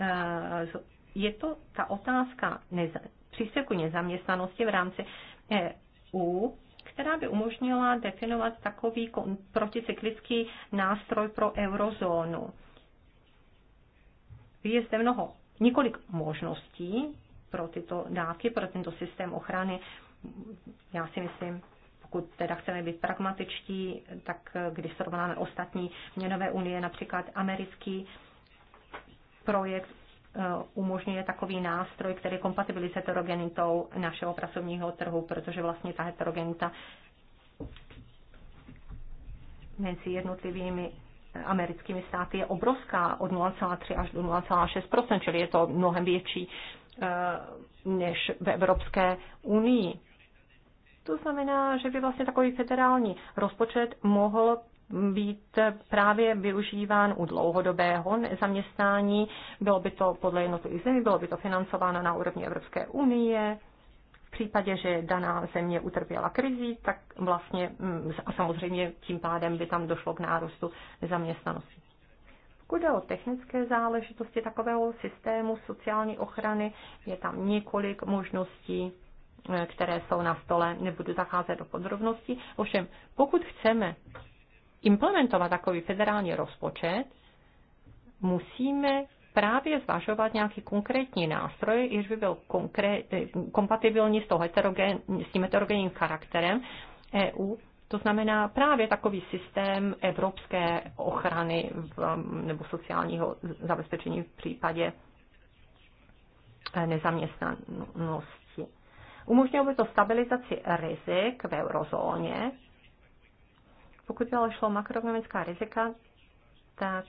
B: Eh, je to ta otázka neza, příspěvku nezaměstnanosti v rámci EU která by umožnila definovat takový proticyklický nástroj pro eurozónu. Je zde mnoho, několik možností pro tyto dávky, pro tento systém ochrany. Já si myslím, pokud teda chceme být pragmatičtí, tak když srovnáme ostatní měnové unie, například americký projekt Eh, umožňuje takový nástroj, který je kompatibilní s heterogenitou našeho pracovního trhu, protože vlastně ta heterogenita mezi jednotlivými americkými státy je obrovská od 0,3 až do 0,6 čili je to mnohem větší eh, než v Evropské unii. To znamená, že by vlastně takový federální rozpočet mohl být právě využíván u dlouhodobého zaměstnání. Bylo by to podle jednotlivých zemí, bylo by to financováno na úrovni Evropské unie. V případě, že daná země utrpěla krizi, tak vlastně mm, a samozřejmě tím pádem by tam došlo k nárůstu zaměstnanosti. Pokud o technické záležitosti takového systému sociální ochrany, je tam několik možností, eh, které jsou na stole. Nebudu zacházet do podrobností. Ovšem, pokud chceme implementovat takový federální rozpočet, musíme právě zvažovat nějaký konkrétní nástroj, jež by byl konkrét, kompatibilní s, toho heterogen, s tím heterogenním charakterem EU. To znamená právě takový systém evropské ochrany v, nebo sociálního zabezpečení v případě eh, nezaměstnanosti. Umožnilo by to stabilizaci rizik v eurozóně, pokud ale šlo o makroekonomická rizika, tak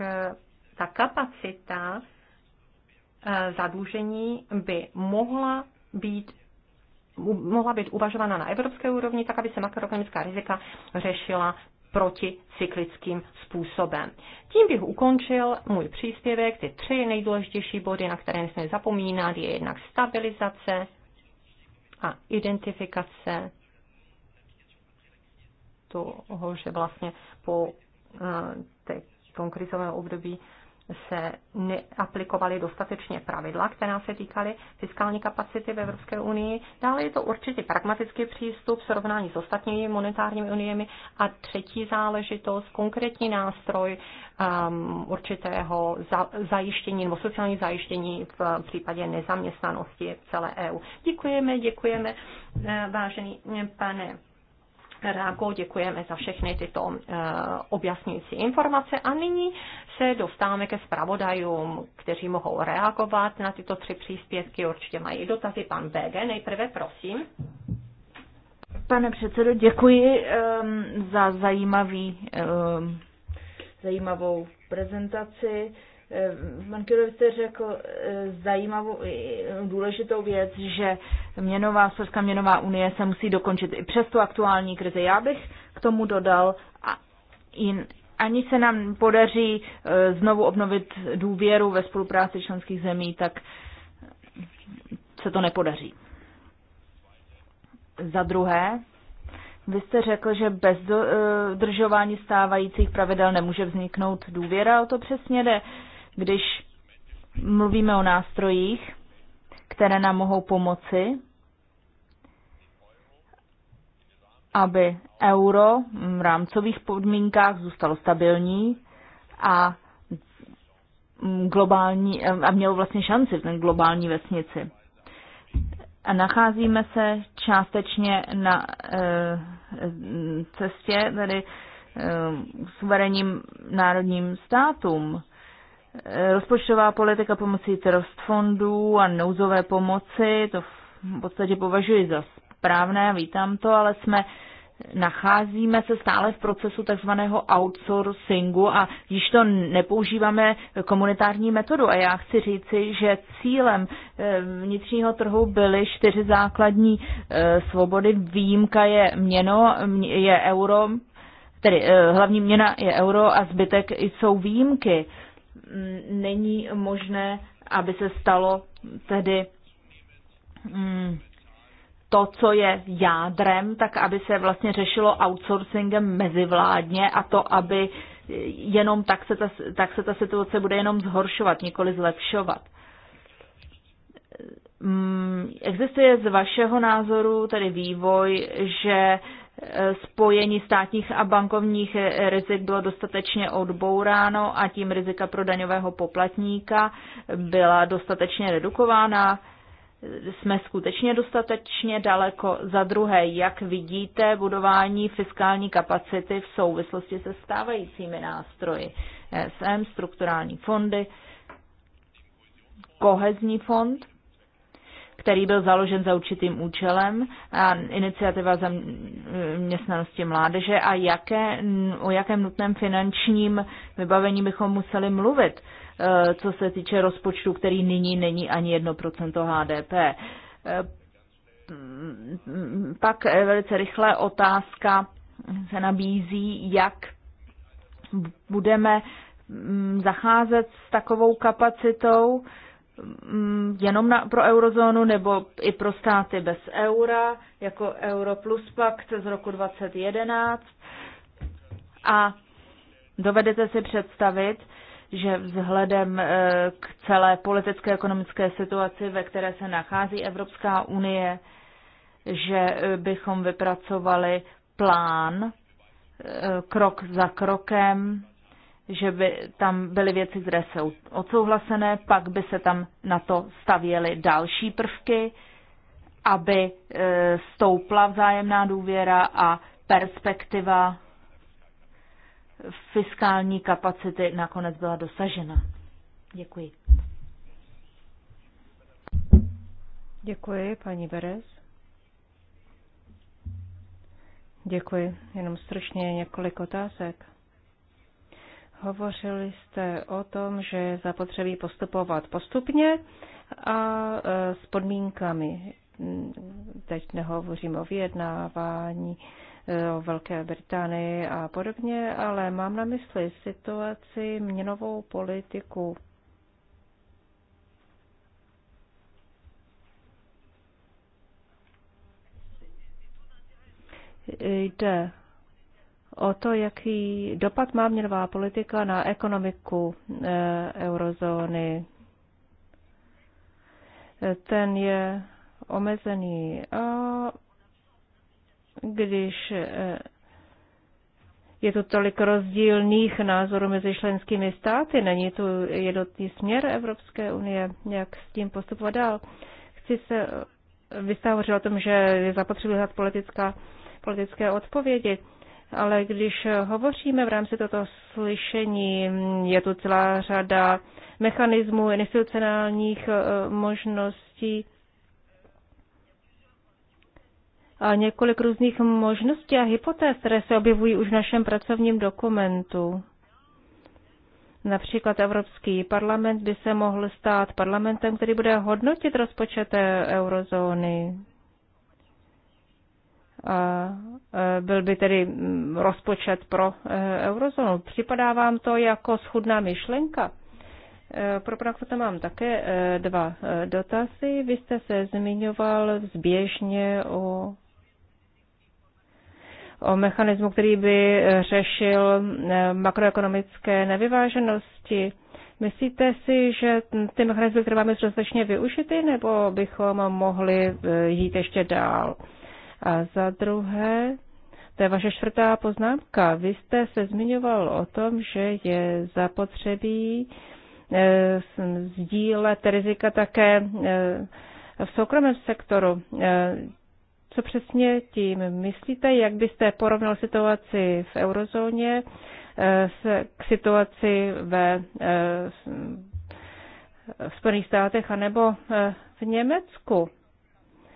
B: eh, ta kapacita eh, zadlužení by mohla být mohla být uvažována na evropské úrovni, tak aby se makroekonomická rizika řešila proticyklickým způsobem. Tím bych ukončil můj příspěvek. Ty tři nejdůležitější body, na které nesmíme zapomínat, je jednak stabilizace a identifikace toho, že vlastně po eh, tom krizovém období se neaplikovaly dostatečně pravidla, která se týkaly fiskální kapacity v Evropské unii. Dále je to určitě pragmatický přístup, srovnání s ostatními monetárními uniemi a třetí záležitost, konkrétní nástroj um, určitého za, zajištění nebo sociální zajištění v případě nezaměstnanosti v celé EU. Děkujeme, děkujeme, eh, vážený eh, pane Rágo, děkujeme za všechny tyto eh, objasňující informace a nyní se dostáváme ke zpravodajům, kteří mohou reagovat na tyto tři příspěvky. Určitě mají dotazy. Pan BG, nejprve prosím.
A: Pane předsedo, děkuji um, za zajímavý, um, zajímavou prezentaci. Eh, pan Kirovic řekl eh, zajímavou, důležitou věc, že měnová, Sorská měnová unie se musí dokončit i přes tu aktuální krizi. Já bych k tomu dodal, a jin, ani se nám podaří eh, znovu obnovit důvěru ve spolupráci členských zemí, tak se to nepodaří. Za druhé, vy jste řekl, že bez dodržování stávajících pravidel nemůže vzniknout důvěra, o to přesně jde když mluvíme o nástrojích, které nám mohou pomoci, aby euro v rámcových podmínkách zůstalo stabilní a globální, a mělo vlastně šanci v té globální vesnici. A nacházíme se částečně na e, cestě, tedy e, suverénním národním státům. Rozpočtová politika pomocí trust fondů a nouzové pomoci, to v podstatě považuji za správné, vítám to, ale jsme nacházíme se stále v procesu takzvaného outsourcingu a již to nepoužíváme komunitární metodu. A já chci říci, že cílem eh, vnitřního trhu byly čtyři základní eh, svobody. Výjimka je měno, je euro, tedy eh, hlavní měna je euro a zbytek jsou výjimky. Mm, není možné, aby se stalo tedy mm, to, co je jádrem, tak aby se vlastně řešilo outsourcingem mezivládně a to, aby jenom tak se ta, tak se ta situace bude jenom zhoršovat, nikoli zlepšovat. Mm, existuje z vašeho názoru tedy vývoj, že spojení státních a bankovních rizik bylo dostatečně odbouráno a tím rizika pro daňového poplatníka byla dostatečně redukována. Jsme skutečně dostatečně daleko. Za druhé, jak vidíte budování fiskální kapacity v souvislosti se stávajícími nástroji SM, strukturální fondy, kohezní fond který byl založen za určitým účelem, a iniciativa zaměstnanosti mládeže a jaké, o jakém nutném finančním vybavení bychom museli mluvit, e, co se týče rozpočtu, který nyní není ani 1% HDP. E, pak velice rychlé otázka se nabízí, jak budeme zacházet s takovou kapacitou, Mm, jenom na, pro eurozónu nebo i pro státy bez eura, jako Euro plus pakt z roku 2011. A dovedete si představit, že vzhledem eh, k celé politické ekonomické situaci, ve které se nachází Evropská unie, že eh, bychom vypracovali plán eh, krok za krokem že by tam byly věci, z resou odsouhlasené, pak by se tam na to stavěly další prvky, aby e, stoupla vzájemná důvěra a perspektiva fiskální kapacity nakonec byla dosažena. Děkuji. Děkuji,
B: paní Berez. Děkuji. Jenom stručně několik otázek. Hovořili jste o tom, že je zapotřebí postupovat postupně a e, s podmínkami. Teď nehovořím o vyjednávání e, o Velké Británii a podobně, ale mám na mysli situaci měnovou politiku. Jde o to, jaký dopad má měnová politika na ekonomiku eh, eurozóny. Ten je omezený. A když eh, je tu tolik rozdílných názorů mezi členskými státy, není tu jednotný směr Evropské unie, jak s tím postupovat dál. Chci se, eh, vystavořit o tom, že je zapotřebí hledat politická, politické odpovědi ale když hovoříme v rámci toto slyšení, je tu celá řada mechanismů, institucionálních eh, možností a několik různých možností a hypotéz, které se objevují už v našem pracovním dokumentu. Například Evropský parlament by se mohl stát parlamentem, který bude hodnotit rozpočet eurozóny a e, byl by tedy mm, rozpočet pro e, eurozónu. Připadá vám to jako schudná myšlenka? E, pro to mám také dva dotazy. Vy jste se zmiňoval zběžně o, o mechanismu, který by řešil makroekonomické nevyváženosti. Myslíte si, že ty mechanizmy, které máme, jsou dostatečně využity, nebo bychom mohli jít ještě dál? A za druhé, to je vaše čtvrtá poznámka. Vy jste se zmiňoval o tom, že je zapotřebí eh, sdílet rizika také eh, v soukromém sektoru. Eh, co přesně tím myslíte? Jak byste porovnal situaci v eurozóně k situaci ve Spojených státech anebo v Německu?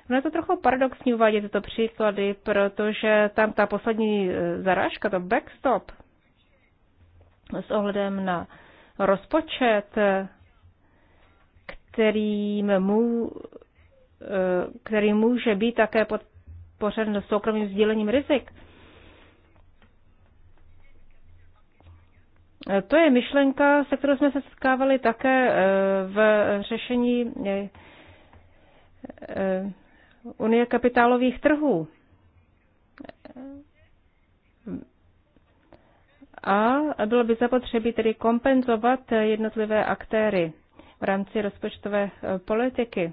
B: No je to trochu paradoxní uvádět tyto příklady, protože tam ta poslední e, zarážka, to backstop, s ohledem na rozpočet, e, kterým, mu, e, který může být také podpořen soukromým sdílením rizik. To je myšlenka, se kterou jsme se setkávali také v řešení Unie kapitálových trhů. A bylo by zapotřebí tedy kompenzovat jednotlivé aktéry v rámci rozpočtové eh, politiky.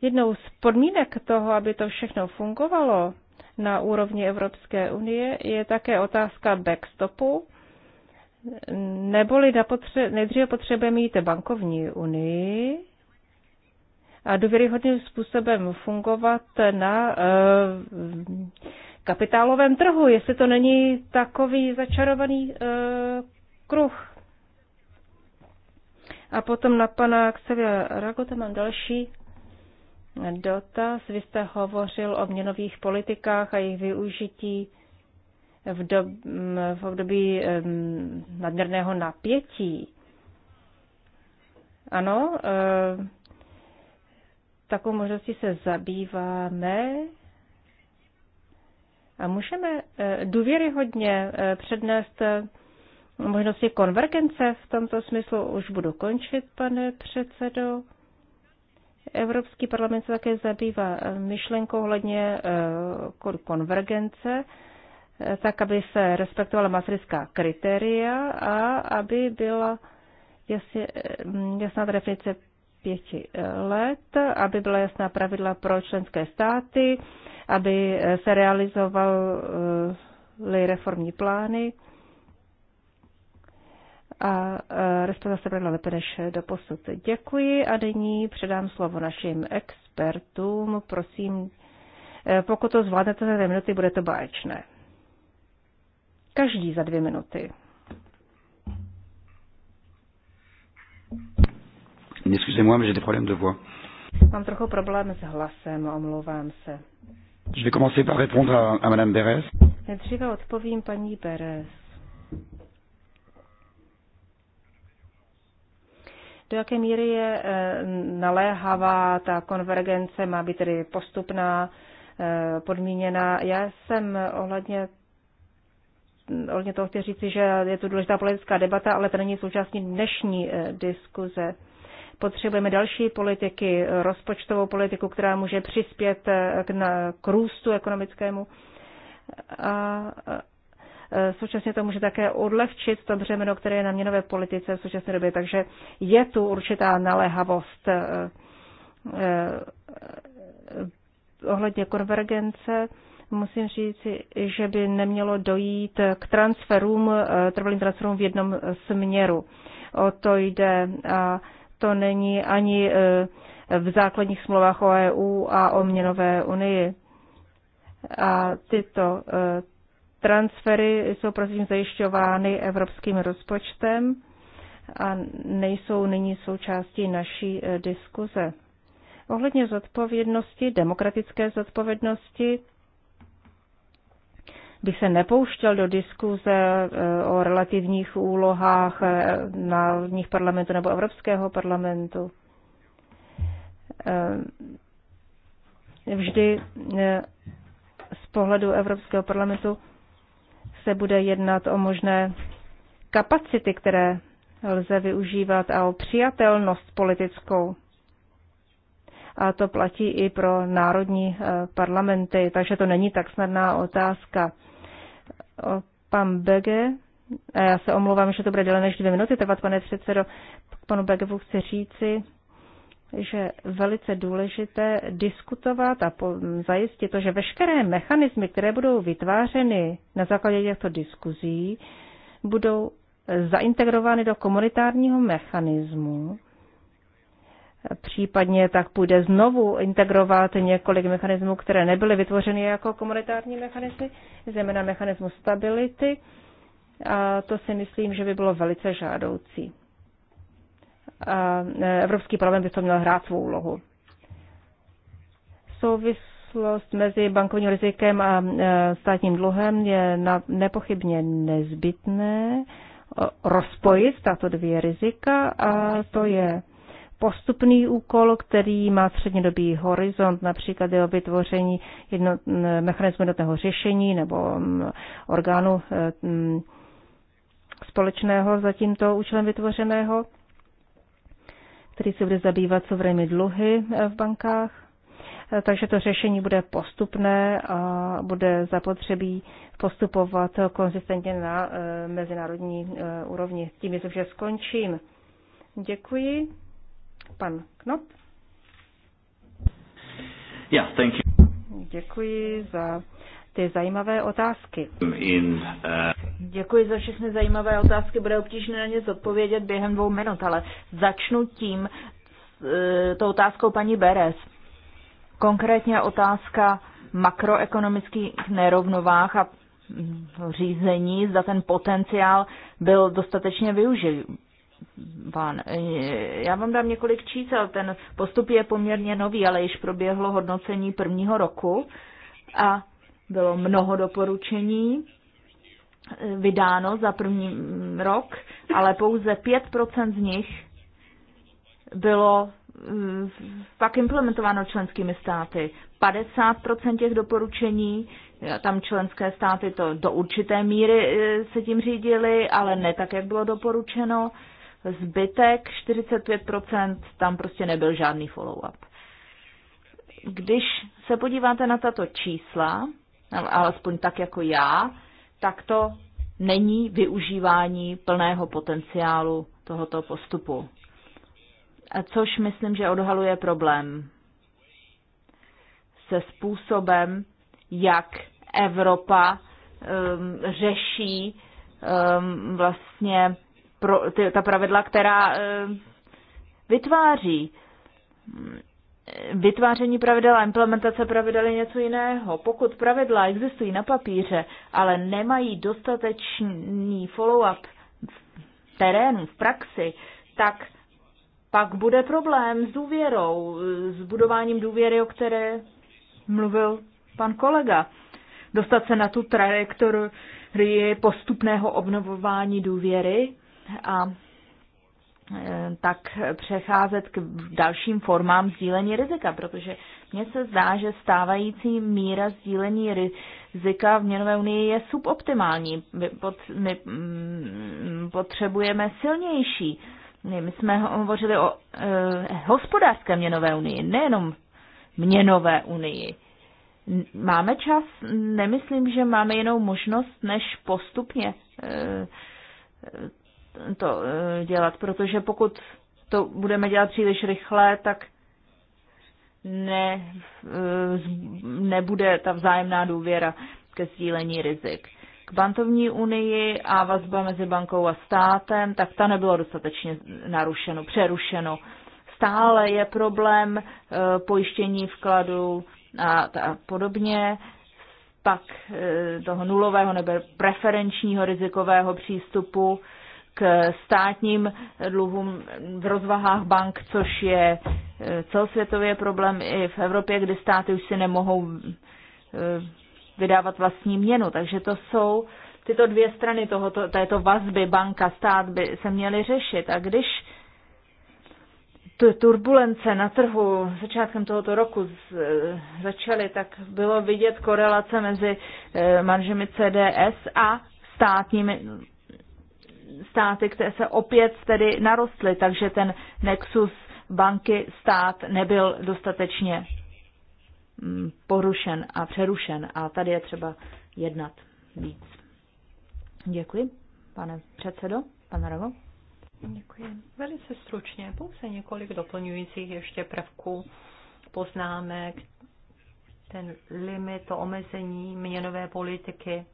B: Jednou z podmínek toho, aby to všechno fungovalo na úrovni Evropské unie, je také otázka backstopu, neboli napotře- nejdříve potřebujeme mít bankovní unii, a důvěryhodným způsobem fungovat na e, kapitálovém trhu, jestli to není takový začarovaný e, kruh. A potom na pana Xaviera Ragota mám další dotaz. Vy jste hovořil o měnových politikách a jejich využití v, do, v období nadměrného napětí. Ano, e, takovou možností se zabýváme a můžeme eh, důvěryhodně eh, přednést eh, možnosti konvergence v tomto smyslu. Už budu končit, pane předsedo. Evropský parlament se také zabývá myšlenkou hledně konvergence, tak aby se respektovala masrická kritéria a aby byla jasná definice pěti eh, let, aby byla jasná pravidla pro členské státy, aby eh, se realizovaly reformní plány a eh, se pravidla lépe než do posud. Děkuji a nyní předám slovo našim expertům. Prosím, pokud to zvládnete za dvě minuty, bude to báječné. Každý za dvě minuty.
A: Excusez-moi, mais j'ai des problèmes de voix.
B: Mám trochu problém s hlasem, omlouvám se.
A: Je vais commencer par répondre à, à Madame Beres.
B: Nejdříve odpovím paní Beres. Do jaké míry je e, naléhavá ta konvergence, má být tedy postupná, e, podmíněná. Já jsem ohledně ohledně toho chtěl říci, že je tu důležitá politická debata, ale to není součástí dnešní e, diskuze. Potřebujeme další politiky, rozpočtovou politiku, která může přispět eh, k, na, k růstu ekonomickému. A eh, současně to může také odlehčit to břemeno, které je na měnové politice v současné době. Takže je tu určitá naléhavost eh, ohledně konvergence musím říct, že by nemělo dojít k transferům, trvalým transferům v jednom směru. O to jde a to není ani e, v základních smlouvách o EU a o měnové unii. A tyto e, transfery jsou prosím zajišťovány evropským rozpočtem a nejsou nyní součástí naší e, diskuze. Ohledně zodpovědnosti, demokratické zodpovědnosti, bych se nepouštěl do diskuze eh, o relativních úlohách eh, národních parlamentu nebo Evropského parlamentu. Eh, vždy z pohledu Evropského parlamentu se bude jednat o možné kapacity, které lze využívat a o přijatelnost politickou. A to platí i pro národní parlamenty, takže to není tak snadná otázka. O pan Bege, a já se omlouvám, že to bude déle než dvě minuty trvat, pane předsedo, k panu Begevu chci říci, že velice důležité diskutovat a po, zajistit to, že veškeré mechanismy, které budou vytvářeny na základě těchto diskuzí, budou zaintegrovány do komunitárního mechanismu, Případně tak půjde znovu integrovat několik mechanismů, které nebyly vytvořeny jako komunitární mechanismy, zejména mechanismus stability. A to si myslím, že by bylo velice žádoucí. A e, Evropský parlament by to měl hrát svou úlohu. Souvislost mezi bankovním rizikem a e, státním dluhem je nepochybně nezbytné e, rozpojit tato dvě rizika a to je postupný úkol, který má střednědobý horizont, například je o vytvoření jedno, mechanismu jednotného řešení nebo orgánu e, společného za tímto účelem vytvořeného, který se bude zabývat suverénními dluhy e, v bankách. E, takže to řešení bude postupné a bude zapotřebí postupovat konzistentně na mezinárodní úrovni. Tím myslím, že skončím. Děkuji. Pan Knop.
A: Yeah, thank you. Děkuji za ty zajímavé otázky. In, uh... Děkuji za všechny zajímavé otázky. Bude obtížné na ně zodpovědět během dvou minut, ale začnu tím, uh, tou otázkou paní Beres. Konkrétně otázka makroekonomických nerovnovách a hm, řízení, zda ten potenciál byl dostatečně využit Pán, já vám dám několik čísel. Ten postup je poměrně nový, ale již proběhlo hodnocení prvního roku a bylo mnoho doporučení eh, vydáno za první mm, rok, ale pouze 5% z nich bylo mm, pak implementováno členskými státy. 50% těch doporučení, eh, tam členské státy to do určité míry eh, se tím řídily, ale ne tak, jak bylo doporučeno. Zbytek 45% tam prostě nebyl žádný follow-up. Když se podíváte na tato čísla, alespoň tak jako já, tak to není využívání plného potenciálu tohoto postupu. A což myslím, že odhaluje problém se způsobem, jak Evropa um, řeší um, vlastně pro, ty, ta pravidla, která eh, vytváří. Vytváření pravidel a implementace pravidel je něco jiného. Pokud pravidla existují na papíře, ale nemají dostatečný follow-up v terénu, v praxi, tak pak bude problém s důvěrou, s budováním důvěry, o které mluvil pan kolega. Dostat se na tu trajektorii postupného obnovování důvěry a e, tak přecházet k dalším formám sdílení rizika, protože mně se zdá, že stávající míra sdílení rizika v měnové unii je suboptimální. My, pot, my mm, potřebujeme silnější. My jsme hovořili o e, hospodářské měnové unii, nejenom měnové unii. Máme čas? Nemyslím, že máme jinou možnost, než postupně e, to eh, dělat, protože pokud to budeme dělat příliš rychle, tak ne, eh, nebude ta vzájemná důvěra ke sdílení rizik. K bankovní unii a vazba mezi bankou a státem, tak ta nebylo dostatečně narušeno, přerušeno. Stále je problém eh, pojištění vkladů a, a podobně. Pak toho nulového nebo preferenčního rizikového přístupu k státním dluhům v rozvahách bank, což je eh, celosvětový problém i v Evropě, kdy státy už si nemohou eh, vydávat vlastní měnu. Takže to jsou tyto dvě strany tohoto, této vazby banka, stát by se měly řešit. A když turbulence na trhu začátkem tohoto roku eh, začaly, tak bylo vidět korelace mezi manžemi CDS a státními státy, které se opět tedy narostly, takže ten nexus banky stát nebyl dostatečně mm, porušen a přerušen a tady je třeba jednat víc. Děkuji, pane předsedo, pane Ravo.
B: Děkuji. Velice stručně, pouze několik doplňujících ještě prvků poznámek. Ten limit, to omezení měnové politiky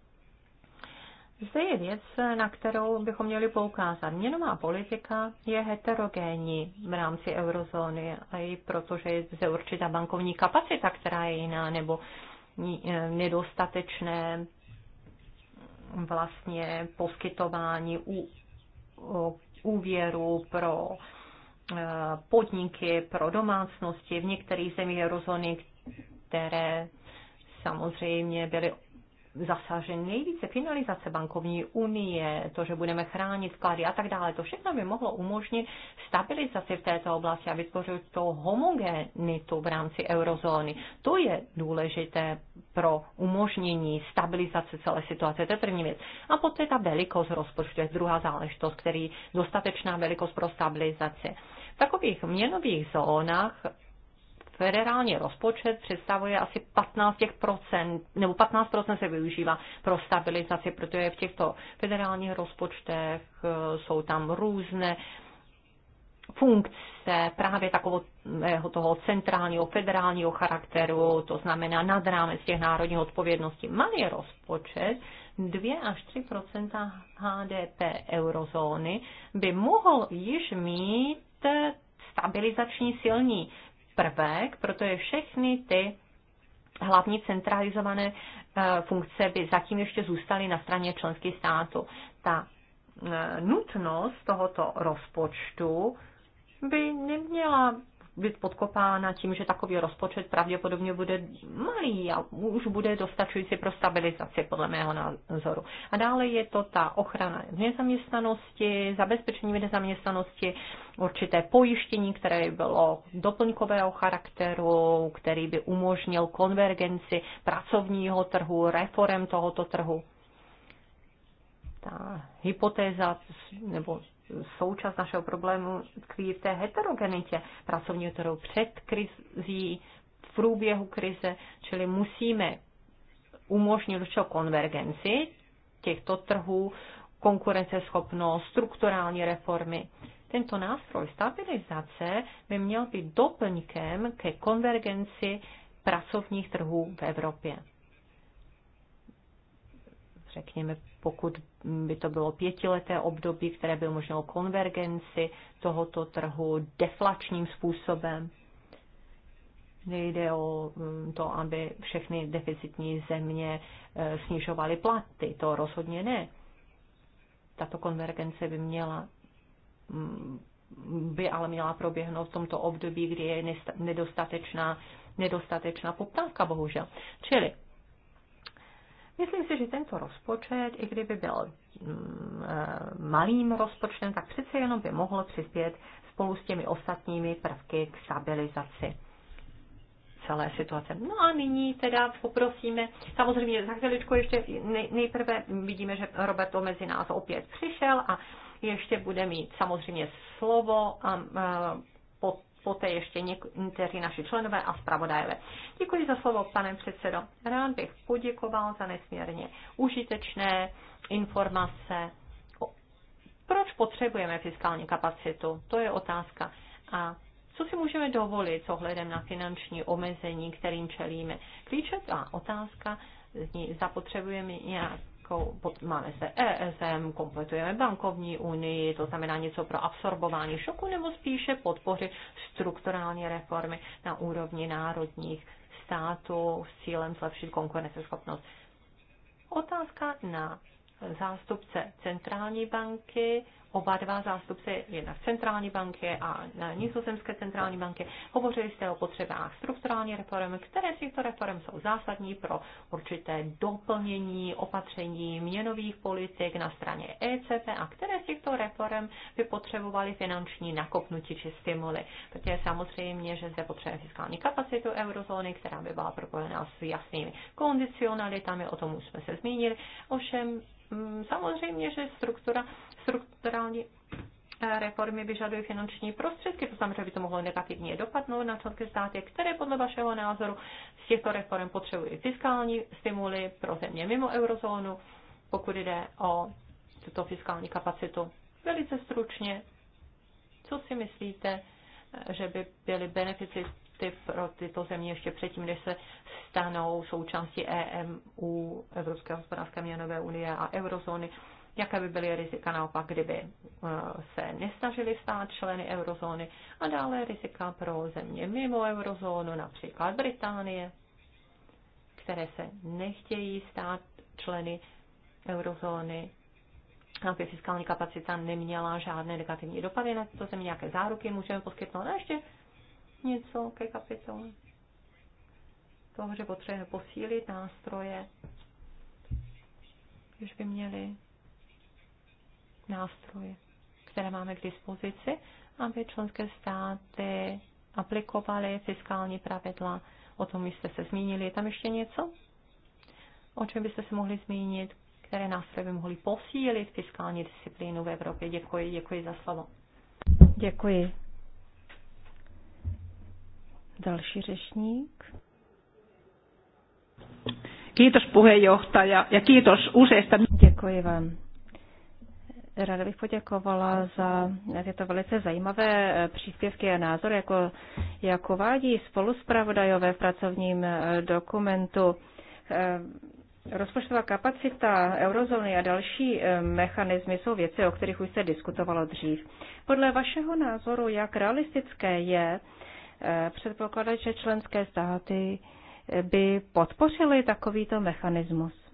B: zde je věc, na kterou bychom měli poukázat. Měnová politika je heterogénní v rámci eurozóny, a i protože je zde určitá bankovní kapacita, která je jiná, nebo e, nedostatečné vlastně poskytování úvěru pro e, podniky, pro domácnosti v některých zemích eurozóny, které samozřejmě byly zasažen nejvíce finalizace bankovní unie, to, že budeme chránit vklady a tak dále. To všechno by mohlo umožnit stabilizaci v této oblasti a vytvořit to homogenitu v rámci eurozóny. To je důležité pro umožnění stabilizace celé situace. To je první věc. A poté ta velikost rozpočtu je druhá záležitost, který dostatečná velikost pro stabilizaci. V takových měnových zónách federální rozpočet představuje asi 15 těch procent, nebo 15 procent se využívá pro stabilizaci, protože v těchto federálních rozpočtech eh, jsou tam různé funkce právě takového toho centrálního, federálního charakteru, to znamená nad rámec těch národních odpovědností. Malý rozpočet 2 až 3 HDP eurozóny by mohl již mít stabilizační silní prvek, protože všechny ty hlavní centralizované eh, funkce by zatím ještě zůstaly na straně členských států. Ta eh, nutnost tohoto rozpočtu by neměla být podkopána tím, že takový rozpočet pravděpodobně bude malý a už bude dostačující pro stabilizaci, podle mého názoru. A dále je to ta ochrana nezaměstnanosti, zabezpečení v nezaměstnanosti, určité pojištění, které bylo doplňkového charakteru, který by umožnil konvergenci pracovního trhu, reform tohoto trhu ta hypotéza nebo součást našeho problému tkví v té heterogenitě pracovního trhu před krizí, v průběhu krize, čili musíme umožnit určitou konvergenci těchto trhů, konkurenceschopnost, strukturální reformy. Tento nástroj stabilizace by měl být doplňkem ke konvergenci pracovních trhů v Evropě řekněme, pokud by to bylo pětileté období, které by umožnilo konvergenci tohoto trhu deflačním způsobem. Nejde o mm, to, aby všechny deficitní země e, snižovaly platy. To rozhodně ne. Tato konvergence by měla mm, by ale měla proběhnout v tomto období, kdy je nedostatečná, nedostatečná poptávka, bohužel. Čili Myslím si, že tento rozpočet, i kdyby byl mm, eh, malým rozpočtem, tak přece jenom by mohl přispět spolu s těmi ostatními prvky k stabilizaci celé situace. No a nyní teda poprosíme, samozřejmě za chviličku ještě nejprve vidíme, že Roberto mezi nás opět přišel a ještě bude mít samozřejmě slovo a, a eh, poté ještě někteří naši členové a zpravodajové. Děkuji za slovo, pane předsedo. Rád bych poděkoval za nesmírně užitečné informace. Proč potřebujeme fiskální kapacitu? To je otázka. A co si můžeme dovolit s ohledem na finanční omezení, kterým čelíme? Klíčová otázka zní, zapotřebujeme nějak máme se ESM, kompletujeme bankovní unii, to znamená něco pro absorbování šoku nebo spíše podpořit strukturální reformy na úrovni národních států s cílem zlepšit konkurenceschopnost. Otázka na zástupce centrální banky oba dva zástupci, jedna z centrální banky a na nizozemské centrální banky, hovořili jste o potřebách strukturální reform, které z těchto reform jsou zásadní pro určité doplnění opatření měnových politik na straně ECB a které z těchto reform by potřebovaly finanční nakopnutí či stimuly. Protože samozřejmě, že zde potřebujeme fiskální kapacitu eurozóny, která by byla propojená s jasnými kondicionalitami, o tom už jsme se zmínili. Ovšem, mm, samozřejmě, že struktura strukturální eh, reformy vyžadují finanční prostředky, to samozřejmě by to mohlo negativně dopadnout na členské státy, které podle vašeho názoru z těchto reform potřebují fiskální stimuly pro země mimo eurozónu, pokud jde o tuto fiskální kapacitu. Velice stručně, co si myslíte, eh, že by byly benefity pro tyto země ještě předtím, než se stanou součástí EMU, Evropské hospodářské měnové unie a eurozóny jaké by byly rizika naopak, kdyby eh, se nesnažili stát členy eurozóny a dále rizika pro země mimo eurozónu, například Británie, které se nechtějí stát členy eurozóny, aby fiskální kapacita neměla žádné negativní dopady na to země, nějaké záruky můžeme poskytnout. A ještě něco ke kapitolu toho, že potřebujeme posílit nástroje, když by měli nástroje, které máme k dispozici, aby členské státy aplikovaly fiskální pravidla. O tom jste se zmínili. Je tam ještě něco, o čem byste se mohli zmínit, které nástroje by mohly posílit fiskální disciplínu v Evropě? Děkuji, děkuji za slovo. Děkuji. Další řečník. Kýtos puhejohtaja ja kiitos useista. Děkuji vám. Ráda bych poděkovala za tyto velice zajímavé eh, příspěvky a názory, jako, jako vádí spoluspravodajové v pracovním eh, dokumentu. Eh, rozpočtová kapacita eurozóny a další mechanismy jsou věci, o kterých už se diskutovalo dřív. Podle vašeho názoru, jak realistické je předpokládat, že členské státy by podpořily takovýto mechanismus?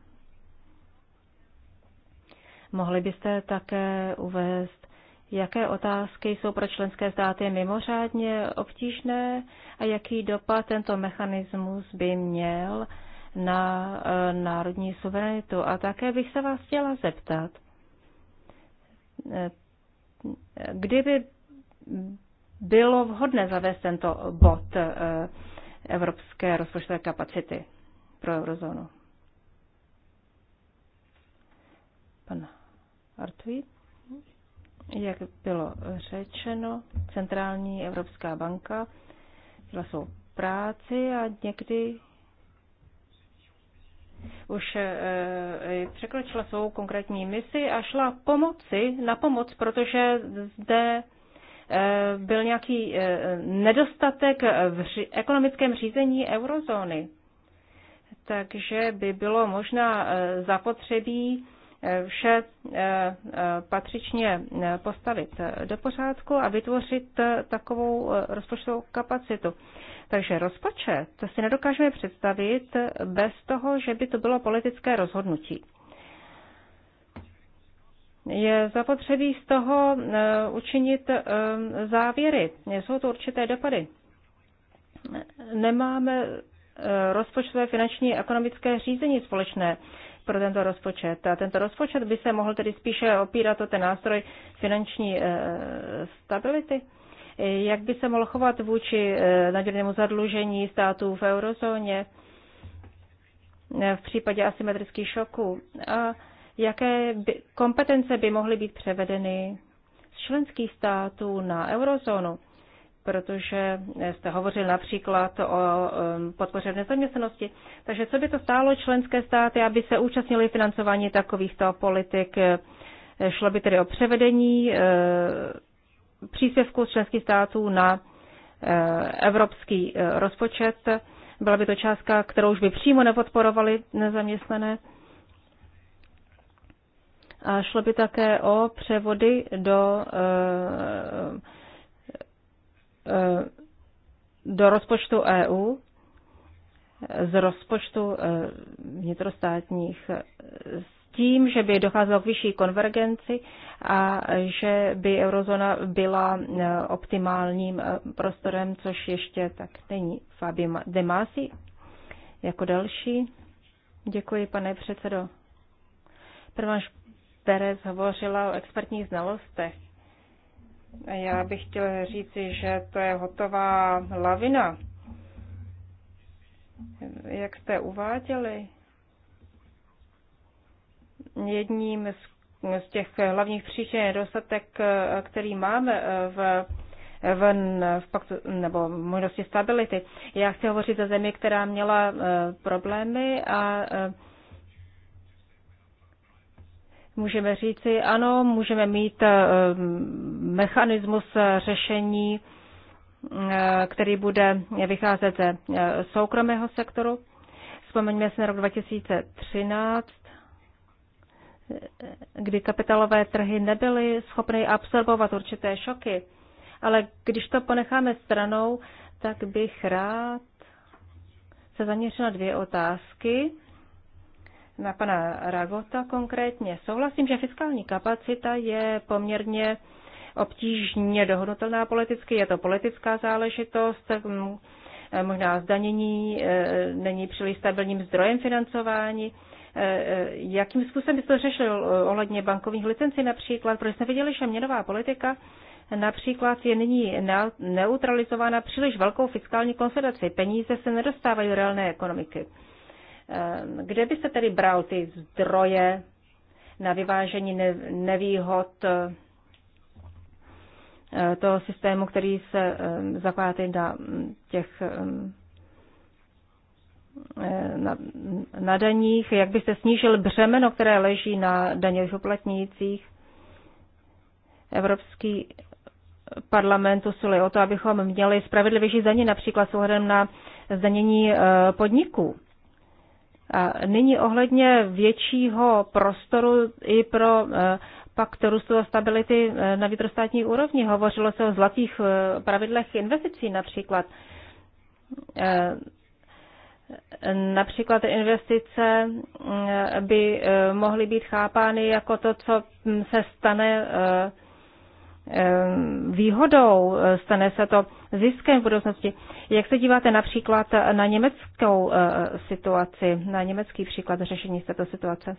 B: Mohli byste také uvést, jaké otázky jsou pro členské státy mimořádně obtížné a jaký dopad tento mechanismus by měl na eh, národní suverenitu. A také bych se vás chtěla zeptat, eh, kdyby bylo vhodné zavést tento bod eh, evropské rozpočtové kapacity pro eurozónu. Pana. Artui. Jak bylo řečeno, Centrální Evropská banka dělá svou práci a někdy už e, překročila svou konkrétní misi a šla pomoci, na pomoc, protože zde eh, byl nějaký nedostatek v ekonomickém řízení eurozóny. Takže by bylo možná zapotřebí Eh, vše eh, eh, patřičně postavit do pořádku a vytvořit takovou rozpočtovou kapacitu. Takže rozpočet to si nedokážeme představit bez toho, že by to bylo politické rozhodnutí. Je zapotřebí z toho učinit závěry. Jsou to určité dopady. Nemáme rozpočtové, finanční, ekonomické řízení společné pro tento rozpočet. A tento rozpočet by se mohl tedy spíše opírat o ten nástroj finanční eh, stability. Jak by se mohl chovat vůči eh, nadměrnému zadlužení států v eurozóně eh, v případě asymetrických šoků? A jaké by, kompetence by mohly být převedeny z členských států na eurozónu? protože jste hovořil například o um, podpoře v nezaměstnanosti. Takže co by to stálo členské státy, aby se účastnili financování takovýchto politik? Šlo by tedy o převedení eh, příspěvku z členských států na eh, evropský eh, rozpočet. Byla by to částka, kterou už by přímo nepodporovali nezaměstnané. A šlo by také o převody do Eh, do rozpočtu EU z rozpočtu eh, vnitrostátních eh, s tím, že by docházelo k vyšší konvergenci a že by eurozóna byla optimálním prostorem, což ještě tak není. Fabio Demasi jako další. Děkuji, pane předsedo. Prváš Perez hovořila o expertních znalostech. Já bych chtěl říci, že to je hotová lavina. Jak jste uváděli, jedním z, těch hlavních příčin je dostatek, který máme v v, v paktu, nebo možnosti stability. Já chci hovořit o zemi, která měla eh, problémy a eh, můžeme říci, ano, můžeme mít eh, mechanismus řešení, eh, který bude vycházet ze eh, soukromého sektoru. Vzpomeňme si na rok 2013, kdy kapitalové trhy nebyly schopny absorbovat určité šoky. Ale když to ponecháme stranou, tak bych rád se zaměřil na dvě otázky na pana Ragota konkrétně. Souhlasím, že fiskální kapacita je poměrně obtížně dohodnutelná politicky. Je to politická záležitost, možná zdanění e, není příliš stabilním zdrojem financování. E, e, jakým způsobem byste to řešil ohledně bankovních licencí například? Protože jsme viděli, že měnová politika například je nyní neutralizována příliš velkou fiskální konsolidací. Peníze se nedostávají do reálné ekonomiky. Ehm, kde by se tedy bral ty zdroje na vyvážení nevýhod eh, toho systému, který se ehm, zakládá na těch ehm, eh, na, na daních, jak byste snížil břemeno, které leží na daňových uplatnících. Evropský parlament usiluje o to, abychom měli spravedlivější daně, například s ohledem na zdanění eh, podniků nyní ohledně většího prostoru i pro eh, pakt růstu a stability eh, na vnitrostátní úrovni. Hovořilo se o zlatých eh, pravidlech investicí například. Například investice mm, by mohly být chápány jako to, co mm, se stane Ehm, výhodou, eh, stane se to ziskem v budoucnosti. Jak se díváte například eh, na německou eh, situaci, na německý příklad řešení této situace?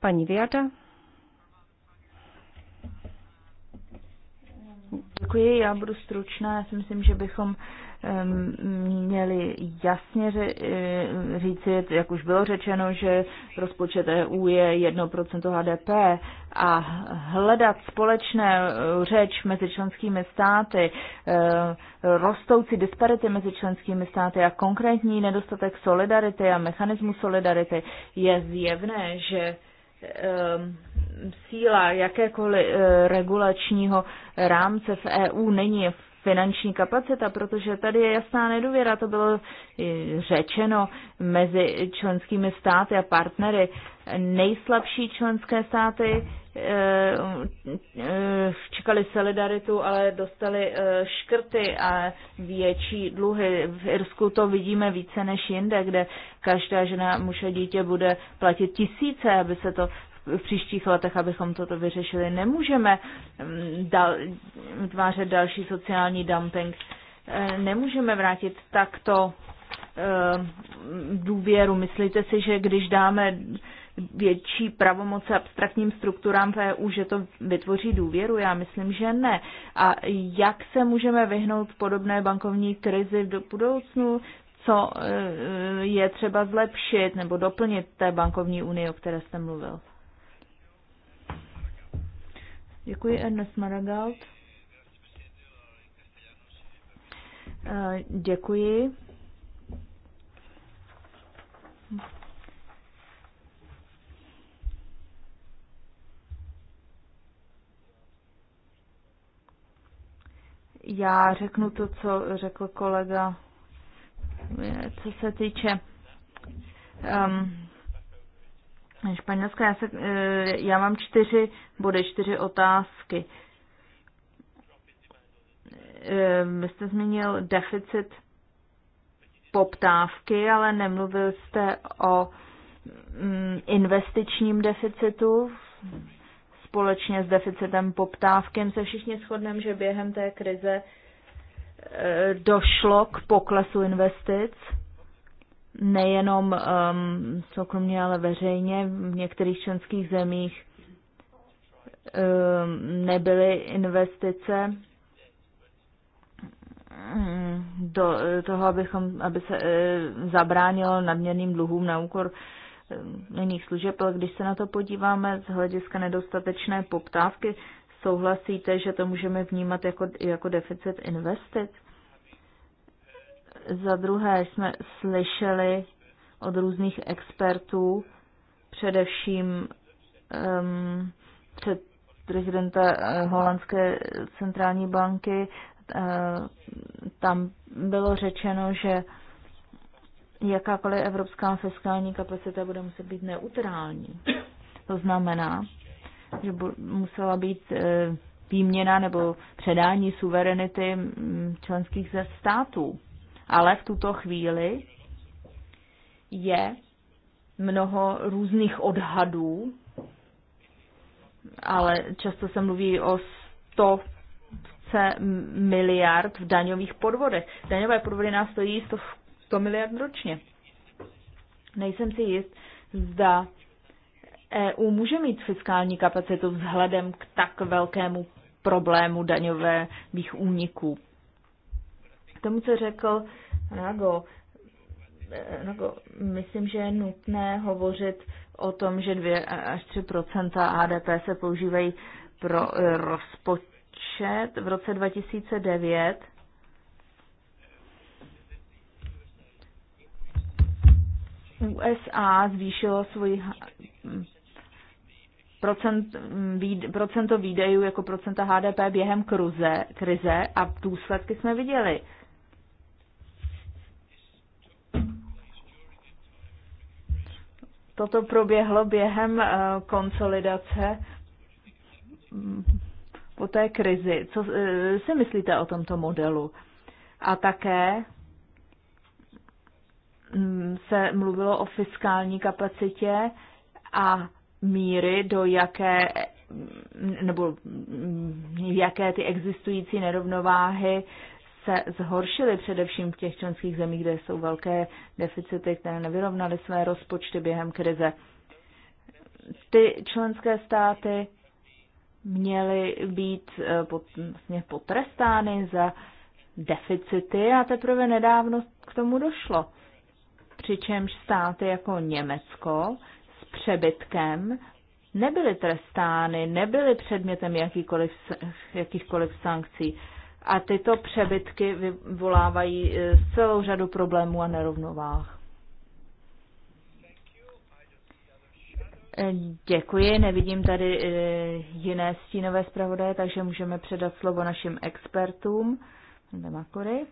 B: Paní Viada?
A: Děkuji, já budu stručná. Já si myslím, že bychom Ehm, měli jasně eh, říci, jak už bylo řečeno, že rozpočet EU je 1% HDP a hledat společné eh, řeč mezi členskými státy, eh, rostoucí disparity mezi členskými státy a konkrétní nedostatek solidarity a mechanismu solidarity je zjevné, že ehm, síla jakékoliv regulačního rámce v EU není v finanční kapacita, protože tady je jasná nedůvěra, to bylo řečeno mezi členskými státy a partnery. Nejslabší členské státy eh, eh, čekali solidaritu, ale dostali eh, škrty a větší dluhy. V Irsku to vidíme více než jinde, kde každá žena, muž a dítě bude platit tisíce, aby se to v příštích letech, abychom toto vyřešili. Nemůžeme mm, dal, vytvářet další sociální dumping. Eh, nemůžeme vrátit takto eh, důvěru. Myslíte si, že když dáme větší pravomoce abstraktním strukturám v EU, že to vytvoří důvěru? Já myslím, že ne. A jak se můžeme vyhnout podobné bankovní krizi do budoucnu? Co eh, je třeba zlepšit nebo doplnit té bankovní unii, o které jste mluvil? Děkuji Ernest Maragald. Eh, děkuji. Já řeknu to, co řekl kolega, eh, co se týče um, Španělská, já, se, eh, já mám čtyři body, čtyři otázky. Eh, vy jste zmínil deficit poptávky, ale nemluvil jste o mm, investičním deficitu. Společně s deficitem poptávky se všichni shodneme, že během té krize eh, došlo k poklesu investic nejenom um, soukromně, ale veřejně v některých členských zemích um, nebyly investice um, do toho, abychom, aby se e, zabránilo nadměrným dluhům na úkor e, jiných služeb, ale když se na to podíváme z hlediska nedostatečné poptávky, souhlasíte, že to můžeme vnímat jako, jako deficit investic? Za druhé jsme slyšeli od různých expertů, především um, před prezidenta eh, Holandské centrální banky, eh, tam bylo řečeno, že jakákoliv evropská fiskální kapacita bude muset být neutrální. To znamená, že musela být eh, výměna nebo předání suverenity mm, členských států ale v tuto chvíli je mnoho různých odhadů, ale často se mluví o 100 miliard v daňových podvodech. Daňové podvody nás stojí 100, 100 miliard ročně. Nejsem si jist, zda EU může mít fiskální kapacitu vzhledem k tak velkému problému daňových úniků tomu, co řekl Nago, Nago, myslím, že je nutné hovořit o tom, že 2 až 3 ADP se používají pro eh, rozpočet v roce 2009. USA zvýšilo svůj procent, mm, procento výdejů jako procenta HDP během kruze, krize a důsledky jsme viděli. Toto proběhlo během eh, konsolidace mm, po té krizi. Co eh, si myslíte o tomto modelu? A také mm, se mluvilo o fiskální kapacitě a míry, do jaké mm, nebo jaké ty existující nerovnováhy se zhoršily především v těch členských zemích, kde jsou velké deficity, které nevyrovnaly své rozpočty během krize. Ty členské státy měly být eh, vlastně potrestány za deficity a teprve nedávno k tomu došlo. Přičemž státy jako Německo s přebytkem nebyly trestány, nebyly předmětem jakýkoliv, jakýchkoliv sankcí. A tyto přebytky vyvolávají e, celou řadu problémů a nerovnovách. E, děkuji, nevidím tady e, jiné stínové zpravodaje, takže můžeme předat slovo našim expertům. Demakury.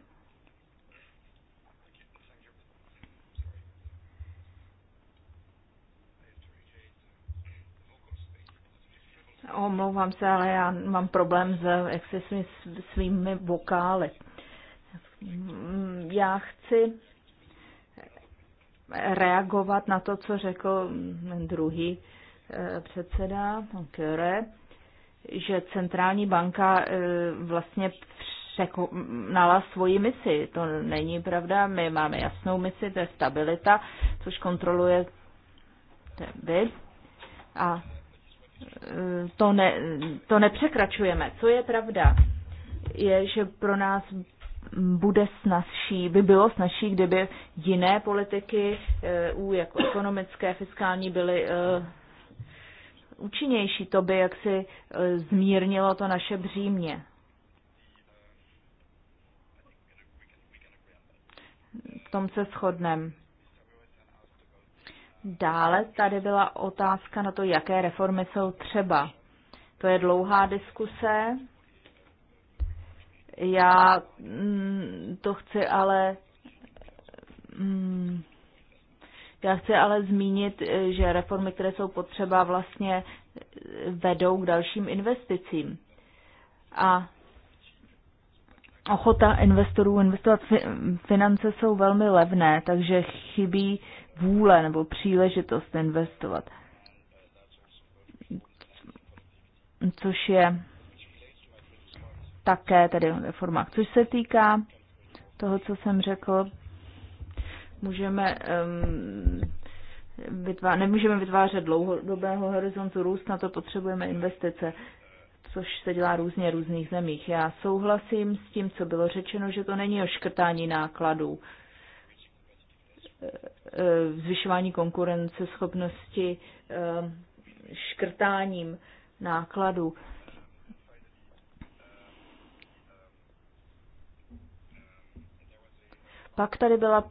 A: Omlouvám se, ale já mám problém s, jak se svými, svými vokály. Já chci reagovat na to, co řekl druhý eh, předseda Kere, že centrální banka eh, vlastně překonala svoji misi. To není pravda, my máme jasnou misi, to je stabilita, což kontroluje vy. A to, ne, to nepřekračujeme. Co je pravda, je, že pro nás bude snažší, by bylo snažší, kdyby jiné politiky EU, eh, jako ekonomické, fiskální, byly eh, účinnější. To by jaksi eh, zmírnilo to naše břímě. V tom se shodneme. Dále tady byla otázka na to, jaké reformy jsou třeba. To je dlouhá diskuse. Já mm, to chci ale. Mm, já chci ale zmínit, že reformy, které jsou potřeba, vlastně vedou k dalším investicím. A ochota investorů investovat finance jsou velmi levné, takže chybí vůle nebo příležitost investovat. Což je také tedy ve formách. Což se týká toho, co jsem řekl, můžeme um, vytvář- nemůžeme vytvářet dlouhodobého horizontu růst, na to potřebujeme investice, což se dělá různě v různých zemích. Já souhlasím s tím, co bylo řečeno, že to není o škrtání nákladů. Uh, Eh, zvyšování konkurence schopnosti, eh, škrtáním nákladů. Pak tady byla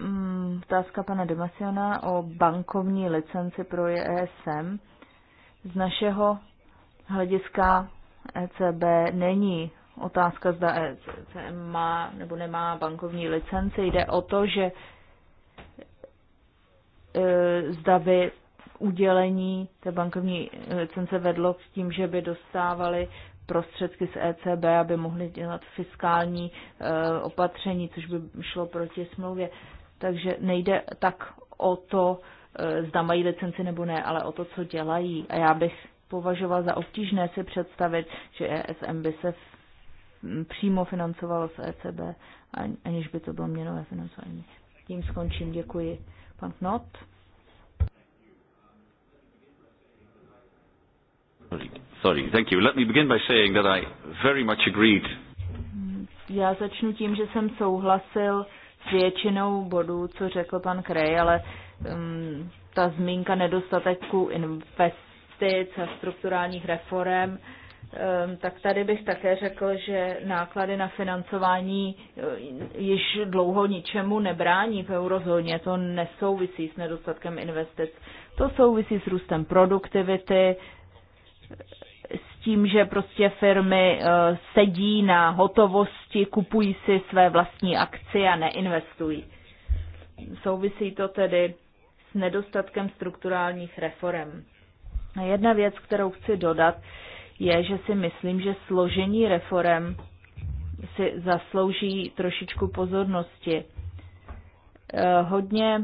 A: mm, otázka pana Demasiona o bankovní licenci pro ESM. Z našeho hlediska ECB není otázka, zda ECM má nebo nemá bankovní licenci. Jde o to, že E, zda by udělení té bankovní licence vedlo k tím, že by dostávali prostředky z ECB, aby mohli dělat fiskální e, opatření, což by šlo proti smlouvě. Takže nejde tak o to, e, zda mají licenci nebo ne, ale o to, co dělají. A já bych považoval za obtížné si představit, že ESM by se přímo financovalo z ECB, aniž by to bylo měnové financování tím skončím. Děkuji. Pan Knot.
B: Sorry, thank you. Let me begin by saying that I very much agreed.
A: Já začnu tím, že jsem souhlasil s většinou bodů, co řekl pan Krej, ale um, ta zmínka nedostatku investic a strukturálních reform uh, Ehm, tak tady bych také řekl, že náklady na financování eh, již dlouho ničemu nebrání v eurozóně. To nesouvisí s nedostatkem investic. To souvisí s růstem produktivity, s tím, že prostě firmy eh, sedí na hotovosti, kupují si své vlastní akcie a neinvestují. Souvisí to tedy s nedostatkem strukturálních reform. Jedna věc, kterou chci dodat, je, že si myslím, že složení reform si zaslouží trošičku pozornosti. Eh, hodně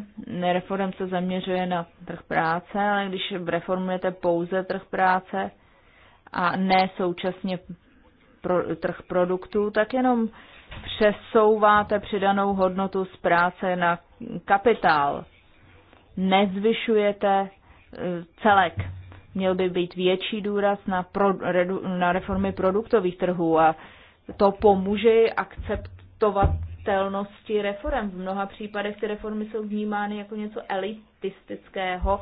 A: reform se zaměřuje na trh práce, ale když reformujete pouze trh práce a ne současně pro, trh produktů, tak jenom přesouváte přidanou hodnotu z práce na kapitál. Nezvyšujete eh, celek Měl by být větší důraz na, pro, na reformy produktových trhů a to pomůže akceptovatelnosti reform. V mnoha případech ty reformy jsou vnímány jako něco elitistického,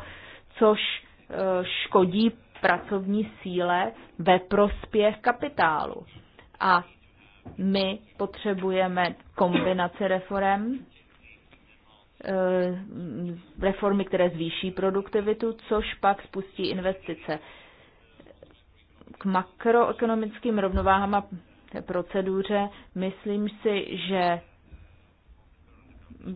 A: což eh, škodí pracovní síle ve prospěch kapitálu. A my potřebujeme kombinaci reform, Eh, reformy, které zvýší produktivitu, což pak spustí investice. K makroekonomickým rovnováhám a proceduře myslím si, že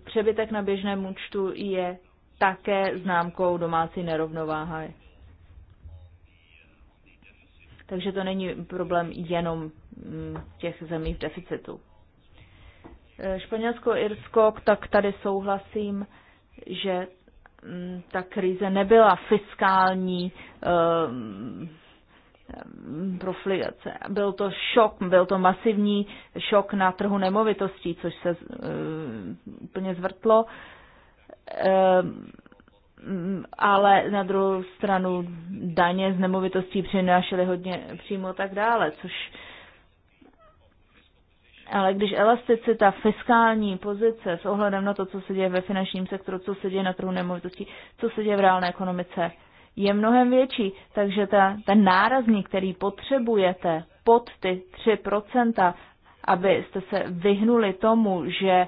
A: přebytek na běžném účtu je také známkou domácí nerovnováhy. Takže to není problém jenom mm, těch zemí v deficitu. Eh, Španělsko, Irsko, tak tady souhlasím, že mm, ta krize nebyla fiskální eh, profligace. Byl to šok, byl to masivní šok na trhu nemovitostí, což se eh, úplně zvrtlo. Ale na druhou stranu daně z nemovitostí přinášely hodně přímo tak dále, což ale když elasticita fiskální pozice s ohledem na to, co se děje ve finančním sektoru, co se děje na trhu nemovitostí, co se děje v reálné ekonomice, je mnohem větší. Takže ta, ten nárazník, který potřebujete pod ty 3%, abyste se vyhnuli tomu, že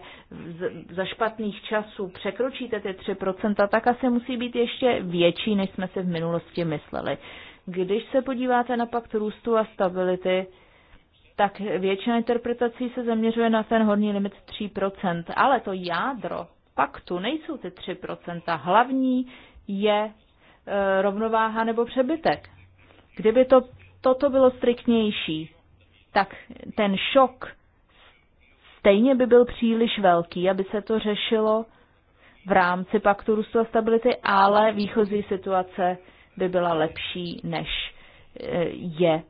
A: za špatných časů překročíte ty 3%, tak asi musí být ještě větší, než jsme si v minulosti mysleli. Když se podíváte na pakt růstu a stability, tak většina interpretací se zaměřuje na ten horní limit 3%, ale to jádro paktu nejsou ty 3%. Hlavní je e, rovnováha nebo přebytek. Kdyby to, toto bylo striktnější, tak ten šok stejně by byl příliš velký, aby se to řešilo v rámci paktu růstu a stability, ale výchozí situace by byla lepší, než e, je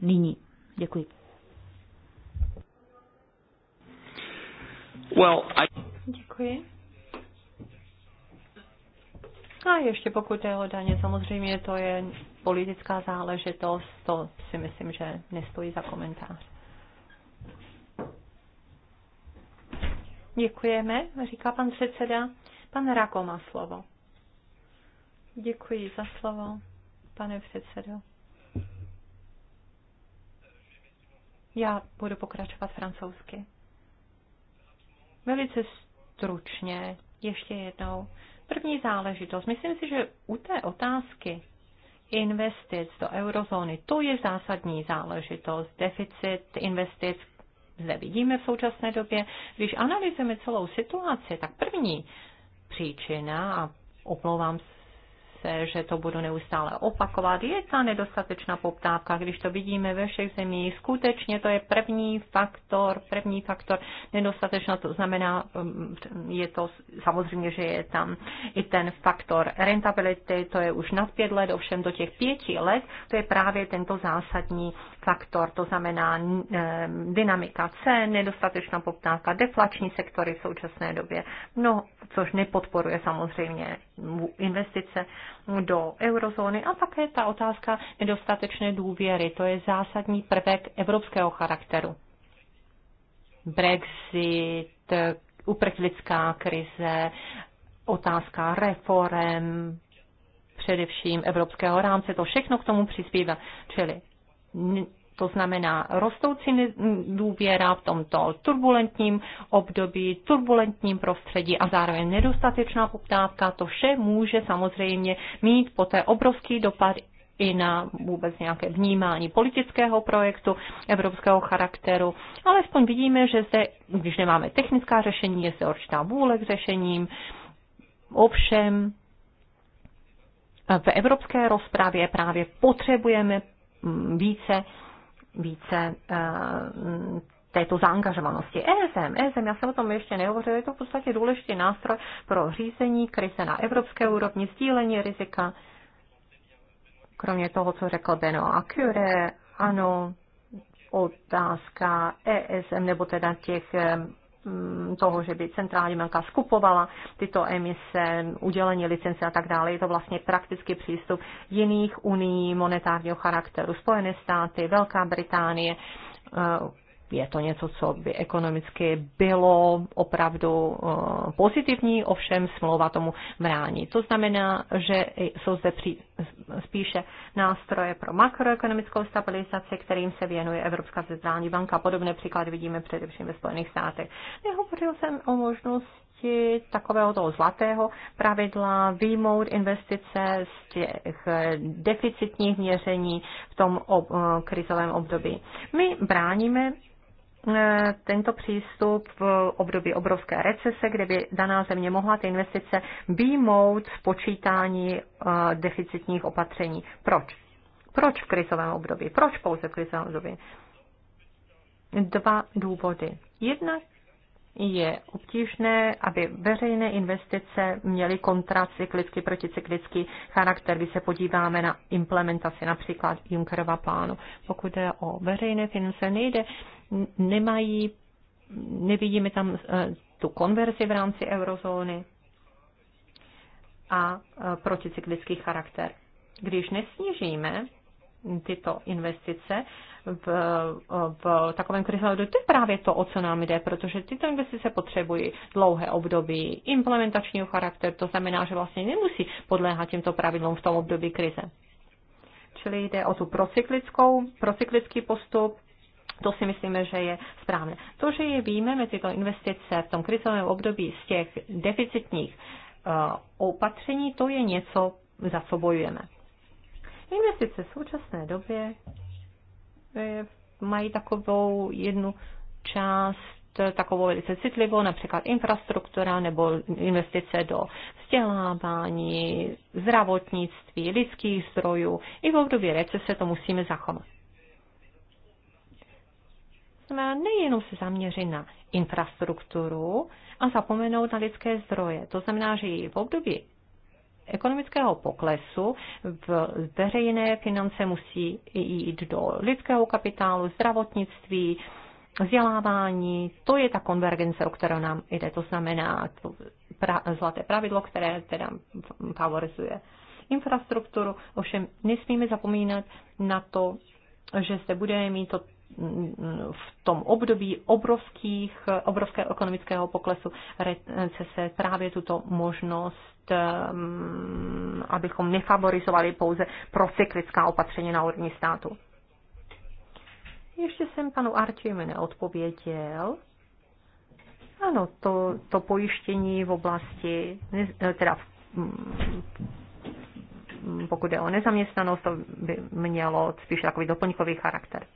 A: nyní. Děkuji. Well, I... Děkuji.
B: A ještě pokud je o daně, samozřejmě to je politická záležitost, to si myslím, že nestojí za komentář. Děkujeme, říká pan předseda. Pan Rako má slovo. Děkuji za slovo, pane předsedo. Já budu pokračovat francouzsky. Velice stručně ještě jednou. První záležitost. Myslím si, že u té otázky investic do eurozóny, to je zásadní záležitost. Deficit investic zde vidíme v současné době. Když analyzujeme celou situaci, tak první příčina, a oplouvám se, že to budu neustále opakovat. Je ta nedostatečná poptávka, když to vidíme ve všech zemích. Skutečně to je první faktor, první faktor nedostatečná, to znamená, um, je to samozřejmě, že je tam i ten faktor rentability, to je už nad pět let, ovšem do těch pěti let, to je právě tento zásadní faktor, to znamená eh, dynamika cen, nedostatečná poptávka, deflační sektory v současné době, no, což nepodporuje samozřejmě investice do eurozóny a také ta otázka nedostatečné důvěry, to je zásadní prvek evropského charakteru. Brexit, uprchlická krize, otázka reform, především evropského rámce, to všechno k tomu přispívá. Čili to znamená rostoucí důvěra v tomto turbulentním období, turbulentním prostředí a zároveň nedostatečná poptávka. To vše může samozřejmě mít poté obrovský dopad i na vůbec nějaké vnímání politického projektu evropského charakteru. Ale aspoň vidíme, že zde, když nemáme technická řešení, je zde určitá vůle k řešením. Ovšem, v evropské rozpravě právě potřebujeme mm, více více eh, této zaangažovanosti. ESM, ESM, já jsem o tom ještě nehovořil, je to v podstatě důležitý nástroj pro řízení krize na evropské úrovni, sdílení rizika. Kromě toho, co řekl Beno Acure, ano, otázka ESM nebo teda těch eh, Mm, toho, že by centrální banka skupovala tyto emise, udělení licence a tak dále. Je to vlastně prakticky přístup jiných uní monetárního charakteru. Spojené státy, Velká Británie, je to něco, co by ekonomicky bylo opravdu eh, pozitivní, ovšem smlouva tomu brání. To znamená, že jsou zde při, spíše nástroje pro makroekonomickou stabilizaci, kterým se věnuje Evropská centrální banka. Podobné příklady vidíme především ve Spojených státech. Nehovořil jsem o možnosti takového toho zlatého pravidla výmout investice z těch deficitních měření v tom ob, eh, krizovém období. My bráníme Eh, tento přístup v období obrovské recese, kde by daná země mohla ty investice výjmout z počítání eh, deficitních opatření. Proč? Proč v krizovém období? Proč pouze v krizovém období? Dva důvody. Jedna je obtížné, aby veřejné investice měly kontracyklický, proticyklický charakter, když se podíváme na implementaci například Junckerova plánu. Pokud jde o veřejné finance, nejde nemají, nevidíme tam eh, tu konverzi v rámci eurozóny a eh, proticyklický charakter. Když nesnížíme tyto investice v, eh, v takovém krizovém to je právě to, o co nám jde, protože tyto investice potřebují dlouhé období implementačního charakteru, to znamená, že vlastně nemusí podléhat těmto pravidlům v tom období krize. Čili jde o tu procyklickou, procyklický postup, to si myslíme, že je správné. To, že je výjmeme tyto investice v tom krizovém období z těch deficitních eh, opatření, to je něco, za co bojujeme. Investice v současné době eh, mají takovou jednu část eh, takovou velice citlivou, například infrastruktura nebo investice do vzdělávání, zdravotnictví, lidských zdrojů. I v období recese to musíme zachovat znamená nejenom se zaměřit na infrastrukturu a zapomenout na lidské zdroje. To znamená, že i v období ekonomického poklesu v veřejné finance musí jít do lidského kapitálu, zdravotnictví, vzdělávání. To je ta konvergence, o kterou nám jde. To znamená to pra, zlaté pravidlo, které teda favorizuje infrastrukturu. Ovšem nesmíme zapomínat na to, že se budeme mít to v tom období obrovských, obrovského ekonomického poklesu recese právě tuto možnost, mm, abychom nefavorizovali pouze procyklická opatření na úrovni státu. Ještě jsem panu Artiemi neodpověděl. Ano, to, to pojištění v oblasti, teda mm, pokud je o nezaměstnanost, to by mělo spíš takový doplňkový charakter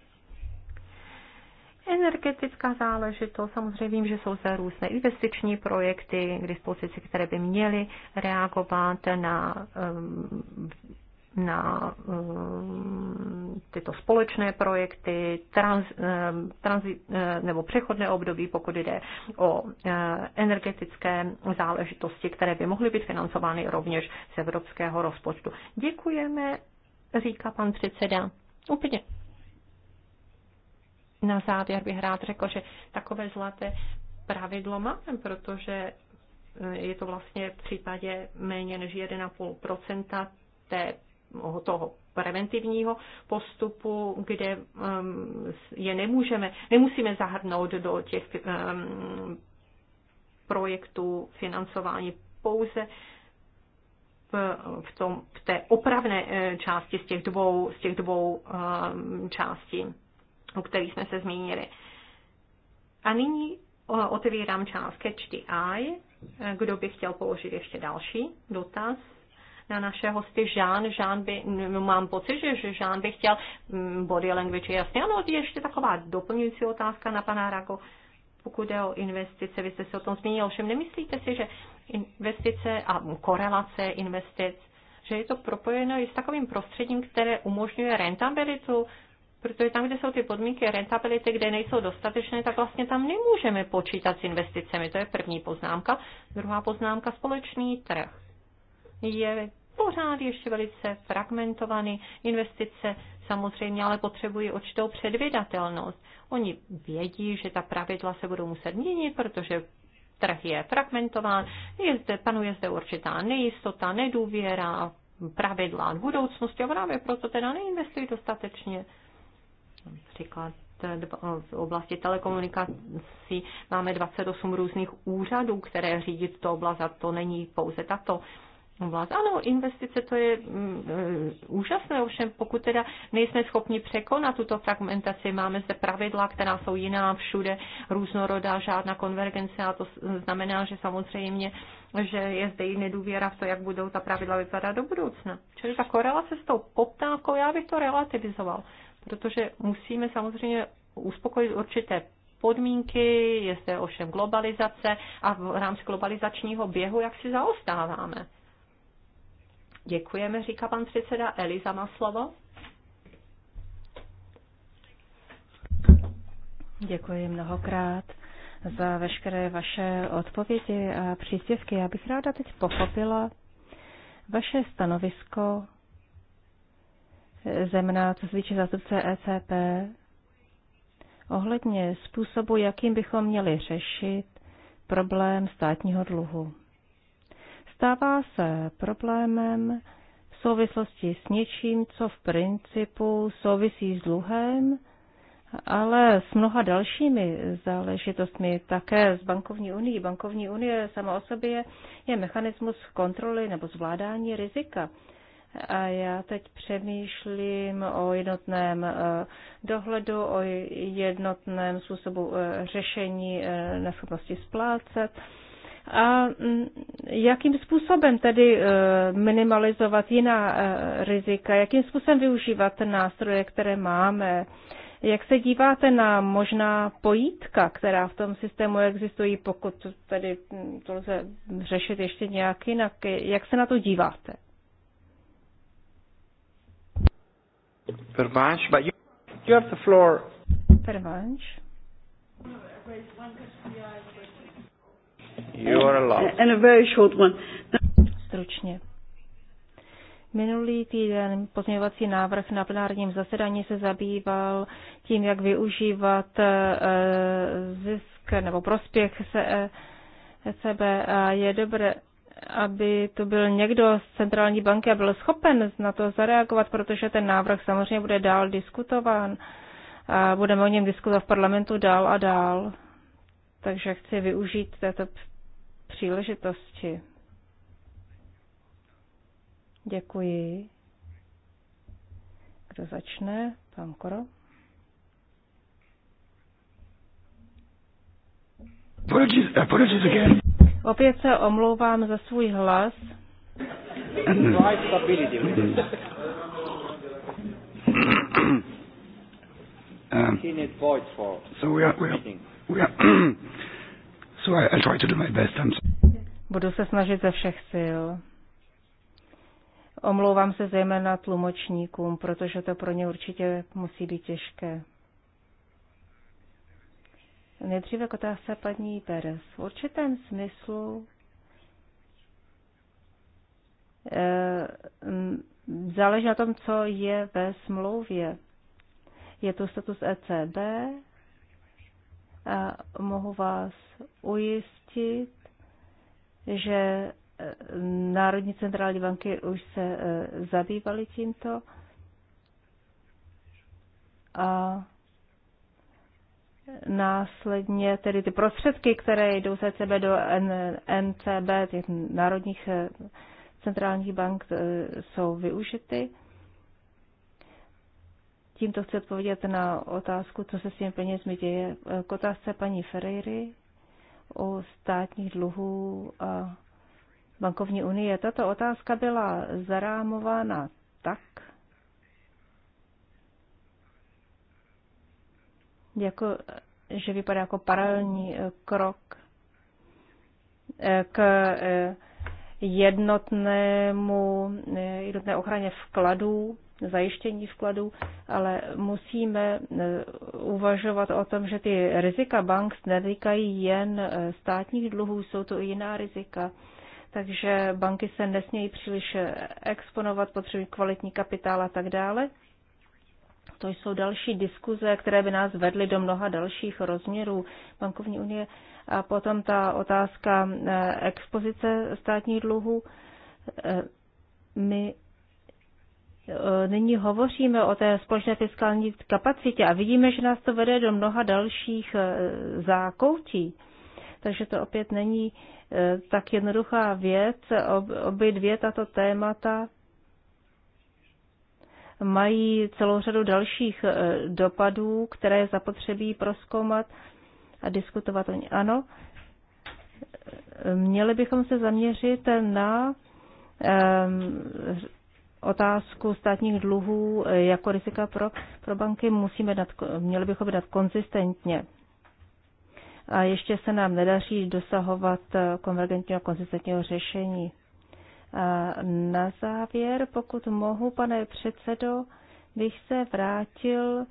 B: energetická záležitost, samozřejmě vím, že jsou zde různé investiční projekty k dispozici, které by měly reagovat na, um, na um, tyto společné projekty, trans, um, trans, uh, nebo přechodné období, pokud jde o uh, energetické záležitosti, které by mohly být financovány rovněž z evropského rozpočtu. Děkujeme, říká pan předseda. Úplně na závěr bych rád řekl, že takové zlaté pravidlo máme, protože eh, je to vlastně v případě méně než 1,5 té, toho preventivního postupu, kde eh, je nemůžeme, nemusíme zahrnout do těch eh, projektů financování pouze v, tom, v té opravné části z těch dvou, z těch dvou částí o kterých jsme se zmínili. A nyní otevírám část Catch the Eye. Kdo by chtěl položit ještě další dotaz na naše hosty? Žán, Žán by, no, mám pocit, že Žán by chtěl mm, body language, jasně, ano, ještě taková doplňující otázka na pana Rago. Pokud jde o investice, vy jste se o tom zmínil, ovšem nemyslíte si, že investice a korelace investic, že je to propojeno i s takovým prostředím, které umožňuje rentabilitu Protože tam, kde jsou ty podmínky rentability, kde nejsou dostatečné, tak vlastně tam nemůžeme počítat s investicemi. To je první poznámka. Druhá poznámka, společný trh. Je pořád ještě velice fragmentovaný. Investice samozřejmě ale potřebují určitou předvydatelnost. Oni vědí, že ta pravidla se budou muset měnit, protože trh je fragmentován, je zde, panuje zde určitá nejistota, nedůvěra, pravidla v budoucnosti a právě proto teda neinvestují dostatečně. Například eh, eh, v oblasti telekomunikací máme 28 různých úřadů, které řídí tuto oblast a to není pouze tato oblast. Ano, investice to je mm, eh, úžasné, ovšem pokud teda nejsme schopni překonat tuto fragmentaci, máme zde pravidla, která jsou jiná všude, různorodá, žádná konvergence a to znamená, že samozřejmě, že je zde i nedůvěra v to, jak budou ta pravidla vypadat do budoucna. Čili ta korelace s tou poptávkou, já bych to relativizoval protože musíme samozřejmě uspokojit určité podmínky, je zde ovšem globalizace a v rámci globalizačního běhu, jak si zaostáváme. Děkujeme, říká pan předseda. Eliza má slovo. Děkuji mnohokrát za veškeré vaše odpovědi a příspěvky. Já bych ráda teď pochopila vaše stanovisko zemna, co se týče zástupce ECP, ohledně způsobu, jakým bychom měli řešit problém státního dluhu. Stává se problémem v souvislosti s něčím, co v principu souvisí s dluhem, ale s mnoha dalšími záležitostmi, také z bankovní unii. Bankovní unie sama o sobě je mechanismus kontroly nebo zvládání rizika. A já teď přemýšlím o jednotném eh, dohledu, o jednotném způsobu eh, řešení eh, neschopnosti splácet. A mm, jakým způsobem tedy minimalizovat jiná rizika, jakým způsobem využívat nástroje, které máme, jak se díváte na možná pojítka, která v tom systému existují, pokud tedy mm, to lze řešit ještě nějak jinak? Jak se na to díváte? Pervanche, but you, you have the floor. Pervanche.
A: You are allowed. And a
B: very short one. Stručně. Minulý týden pozměňovací návrh na plenárním zasedání se zabýval tím, jak využívat eh, zisk nebo prospěch se, eh, a Je dobré, aby to byl někdo z centrální banky a byl schopen na to zareagovat, protože ten návrh samozřejmě bude dál diskutován a budeme o něm diskutovat v parlamentu dál a dál. Takže chci využít této příležitosti. Děkuji. Kdo začne? Pan Koro.
A: Apologies, apologies again.
B: Opět se omlouvám za svůj hlas. so try to do my best. I'm Budu se snažit ze všech sil. Omlouvám se zejména tlumočníkům, protože to pro ně určitě musí být těžké. Nejdříve k otázce paní Perez. V určitém smyslu eh, záleží na tom, co je ve smlouvě. Je to status ECB a mohu vás ujistit, že eh, Národní centrální banky už se eh, zabývaly tímto a následně tedy ty prostředky, které jdou z ECB do NCB, těch národních eh, centrálních bank, eh, jsou využity. Tímto chci odpovědět na otázku, co se s těmi penězmi děje. Eh, k otázce paní Ferreiry o státních dluhů a bankovní unie. Tato otázka byla zarámována tak, jako, že vypadá jako paralelní eh, krok eh, k eh, jednotnému, jednotné ochraně vkladů, zajištění vkladů, ale musíme uvažovat o tom, že ty rizika bank netýkají jen státních dluhů, jsou to i jiná rizika. Takže banky se nesmějí příliš exponovat, potřebují kvalitní kapitál a tak dále. To jsou další diskuze, které by nás vedly do mnoha dalších rozměrů bankovní unie. A potom ta otázka eh, expozice státních dluhů. Eh, my eh, nyní hovoříme o té společné fiskální kapacitě a vidíme, že nás to vede do mnoha dalších zákoutí. Takže to opět není tak jednoduchá věc. Obě dvě tato témata mají celou řadu dalších eh, dopadů, které je zapotřebí proskoumat a diskutovat o ně. Ano, měli bychom se zaměřit na ehm, otázku státních dluhů eh, jako rizika pro, pro banky musíme dát, měli bychom dát konzistentně. A ještě se nám nedaří dosahovat eh, konvergentního a konzistentního řešení na závěr, pokud mohu, pane předsedo, bych se vrátil e,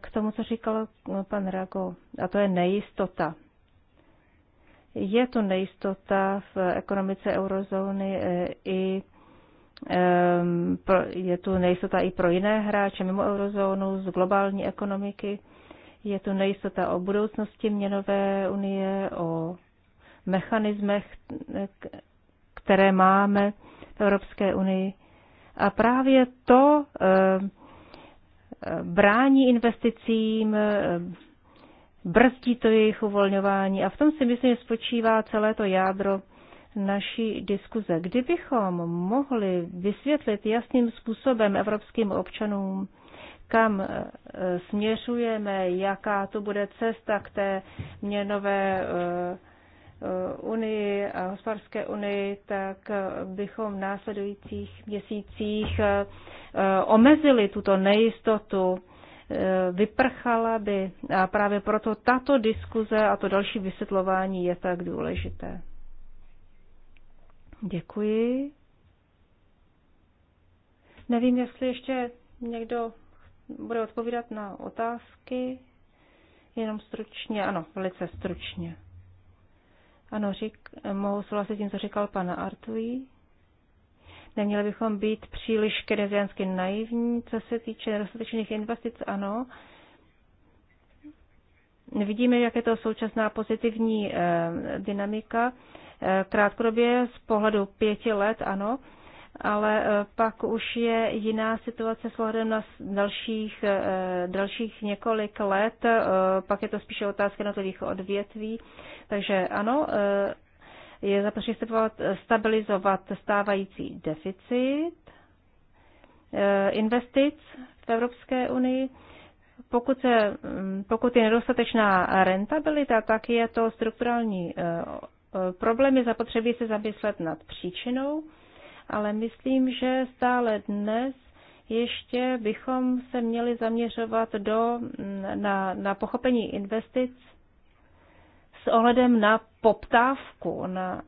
B: k tomu, co říkal e, pan Rago, a to je nejistota. Je to nejistota v ekonomice eurozóny e, i je tu nejistota i pro jiné hráče mimo eurozónu z globální ekonomiky. Je tu nejistota o budoucnosti měnové unie, o mechanismech, které máme v Evropské unii. A právě to eh, eh, brání investicím, eh, brzdí to jejich uvolňování a v tom si myslím, že spočívá celé to jádro naší diskuze. Kdybychom mohli vysvětlit jasným způsobem evropským občanům, kam směřujeme, jaká to bude cesta k té měnové Eh, unii a hospodářské unii, tak bychom v následujících měsících eh, eh, omezili tuto nejistotu, vyprchala by. A právě proto tato diskuze a to další vysvětlování je tak důležité. Děkuji. Nevím, jestli ještě někdo bude odpovídat na otázky. Jenom stručně, ano, velice stručně. Ano, řík, mohu souhlasit tím, co říkal pan Artuji. Neměli bychom být příliš kerezijansky naivní, co se týče dostatečných investic, ano. Vidíme, jak je to současná pozitivní e, dynamika. E, krátkodobě z pohledu pěti let, ano. E, ale eh, pak už je jiná situace s ohledem na dalších, eh, dalších několik let, eh, pak je to spíše otázka jednotlivých odvětví. Takže ano, je zapotřebí stabilizovat stávající deficit investic v Evropské unii. Pokud, se, mm, pokud je nedostatečná rentabilita, tak je to strukturální problém. Je zapotřebí se zamyslet nad příčinou ale myslím, že stále dnes ještě bychom se měli zaměřovat do, na, na pochopení investic s ohledem na poptávku, na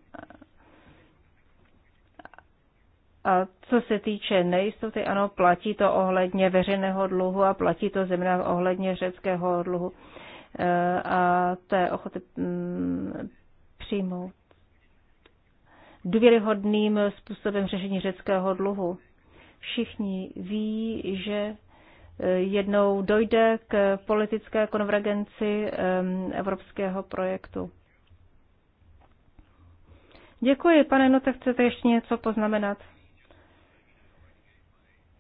B: a co se týče nejistoty, ano, platí to ohledně veřejného dluhu a platí to zejména ohledně řeckého dluhu e, a té ochoty mm, přijmout důvěryhodným způsobem řešení řeckého dluhu. Všichni ví, že eh, jednou dojde k politické konvergenci ehm, evropského projektu. Děkuji, pane Note, chcete ještě něco poznamenat?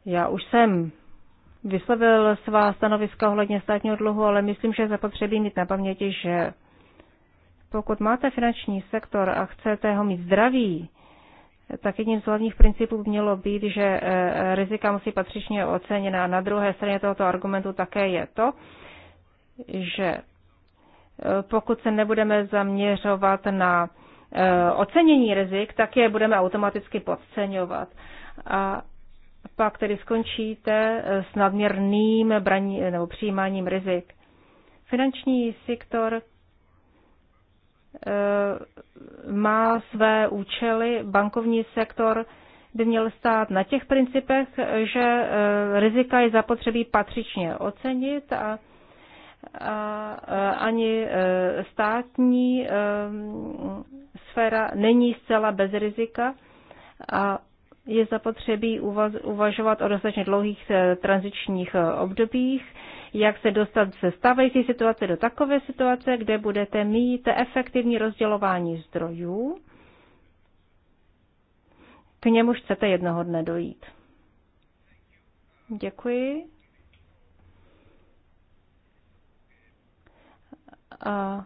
B: Já už jsem vyslovil svá stanoviska ohledně státního dluhu, ale myslím, že zapotřebí mít na paměti, že pokud máte finanční sektor a chcete ho mít zdravý, tak jedním z hlavních principů mělo být, že eh, rizika musí patřičně oceněna. Na druhé straně tohoto argumentu také je to, že eh, pokud se nebudeme zaměřovat na eh, ocenění rizik, tak je budeme automaticky podceňovat. A pak tedy skončíte s nadměrným braní, nebo přijímáním rizik. Finanční sektor Eh, má své účely, bankovní sektor by měl stát na těch principech, že eh, rizika je zapotřebí patřičně ocenit a, a eh, ani státní sféra není zcela bez rizika a je zapotřebí uvažovat o dostatečně dlouhých tranzičních obdobích, jak se dostat ze stávající situace do takové situace, kde budete mít efektivní rozdělování zdrojů, k němu chcete jednoho dne dojít. Děkuji. A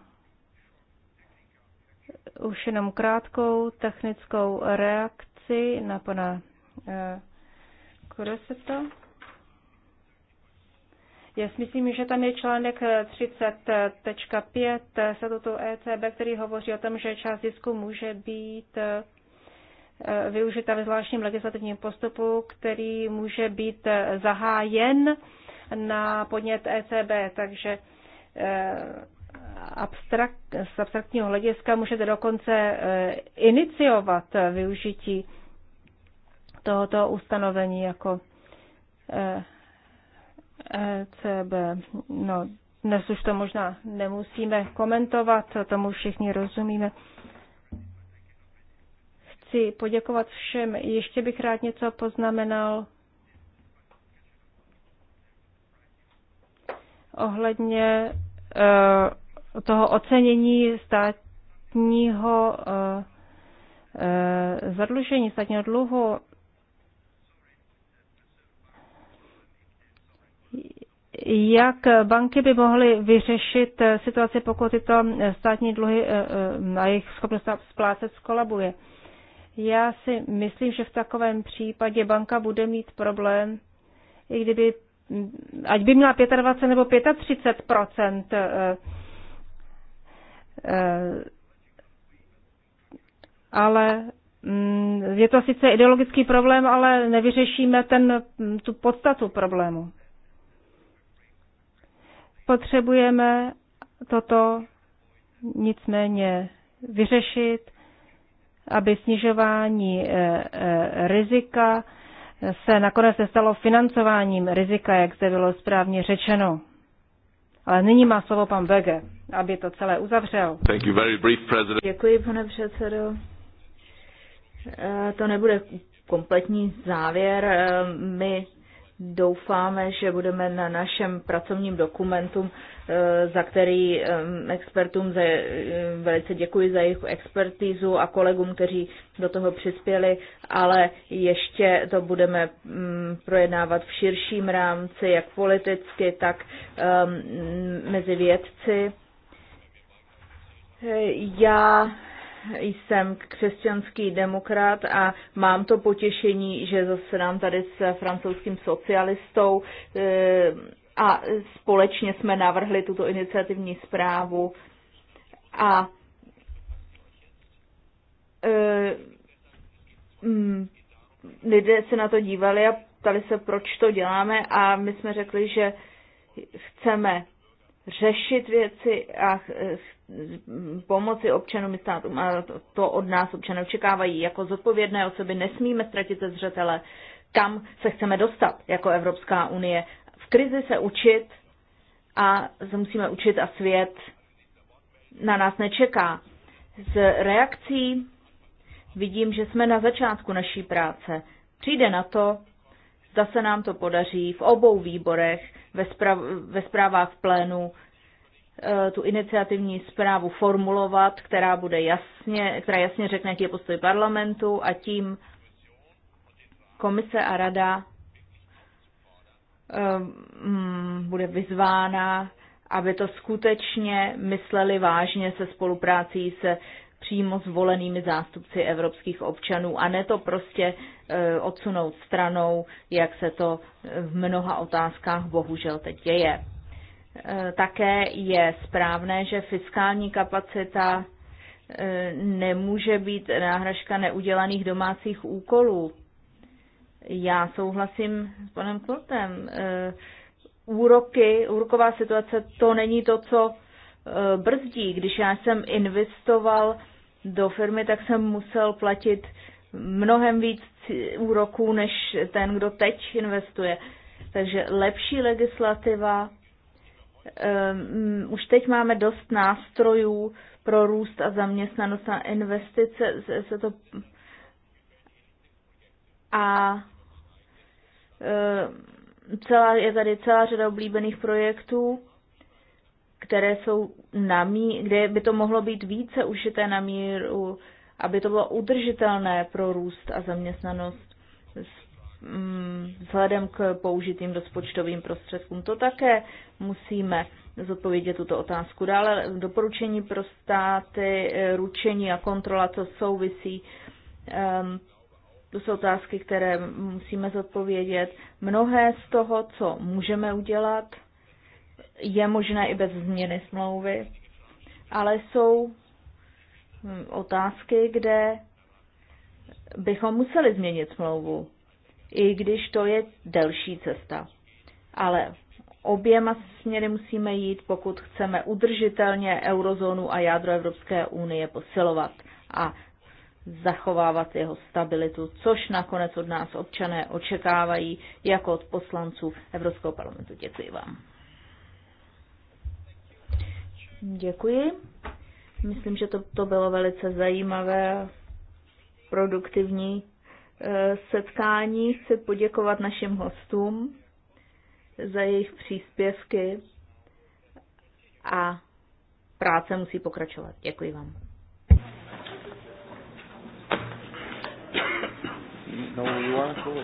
B: už jenom krátkou technickou reakci na pana eh, Koreseta. Já si myslím, že tam je článek 30.5 statutu ECB, který hovoří o tom, že část zisku může být eh, využita ve zvláštním legislativním postupu, který může být eh, zahájen na podnět ECB. Takže eh, abstrakt, z abstraktního hlediska můžete dokonce iniciovat využití tohoto ustanovení jako ECB. No, dnes už to možná nemusíme komentovat, tomu všichni rozumíme. Chci poděkovat všem. Ještě bych rád něco poznamenal ohledně uh, toho ocenění státního uh, zadlužení, státního dluhu. Jak banky by mohly vyřešit eh, situaci, pokud tyto eh, státní dluhy eh, a jejich schopnost splácet skolabuje? Já si myslím, že v takovém případě banka bude mít problém, i kdyby, mm, ať by měla 25 nebo 35 ale mm, je to sice ideologický problém, ale nevyřešíme ten, mm, tu podstatu problému. Potřebujeme toto nicméně vyřešit, aby snižování eh, eh, rizika se nakonec stalo financováním rizika, jak zde bylo správně řečeno. Ale nyní má slovo pan Bege, aby to celé uzavřel.
A: Thank you, very brief, Děkuji, pane předsedo. Eh, to nebude kompletní závěr. My Doufáme, že budeme na našem pracovním dokumentu, eh, za který eh, expertům eh, velice děkuji za jejich expertízu a kolegům, kteří do toho přispěli, ale ještě to budeme mm, projednávat v širším rámci, jak politicky, tak mezi vědci. Já jsem křesťanský demokrat a mám to potěšení, že nám tady s francouzským socialistou eh, a společně jsme navrhli tuto iniciativní zprávu a eh, mm, lidé se na to dívali a ptali se, proč to děláme a my jsme řekli, že chceme řešit věci a pomoci občanům i státům. A to od nás občané očekávají. Jako zodpovědné osoby nesmíme ztratit ze zřetele, kam se chceme dostat jako Evropská unie. V krizi se učit a se musíme učit a svět na nás nečeká. Z reakcí vidím, že jsme na začátku naší práce. Přijde na to, zda se nám to podaří v obou výborech, ve, zpráv, ve zprávách v plénu, eh, tu iniciativní zprávu formulovat, která bude jasně, která jasně řekne, jaký je postoj parlamentu a tím komise a rada eh, mm, bude vyzvána, aby to skutečně mysleli vážně se spoluprácí se přímo zvolenými zástupci evropských občanů a ne to prostě e, odsunout stranou, jak se to e, v mnoha otázkách bohužel teď děje. E, také je správné, že fiskální kapacita nemůže být náhražka neudělaných domácích úkolů. Já souhlasím s panem Klotem. Úroky, úroková situace, to není to, co Eh, brzdí. Když já jsem investoval do firmy, tak jsem musel platit mnohem víc úroků než ten, kdo teď investuje. Takže lepší legislativa. Um, už teď máme dost nástrojů pro růst a zaměstnanost na investice. Se, se to a um, celá, je tady celá řada oblíbených projektů které jsou na mí, kde by to mohlo být více ušité na míru, aby to bylo udržitelné pro růst a zaměstnanost mm, vzhledem k použitým rozpočtovým prostředkům. To také musíme zodpovědět tuto otázku. Dále doporučení pro státy, eh, ručení a kontrola, co souvisí. Ehm, to jsou otázky, které musíme zodpovědět. Mnohé z toho, co můžeme udělat, je možné i bez změny smlouvy, ale jsou hm, otázky, kde bychom museli změnit smlouvu, i když to je delší cesta. Ale oběma směry musíme jít, pokud chceme udržitelně eurozónu a jádro Evropské unie posilovat a zachovávat jeho stabilitu, což nakonec od nás občané očekávají jako od poslanců Evropského parlamentu. Děkuji vám. Děkuji. Myslím, že to, to bylo velice zajímavé a produktivní e, setkání. Chci poděkovat našim hostům za jejich příspěvky a práce musí pokračovat. Děkuji vám. No, you want to...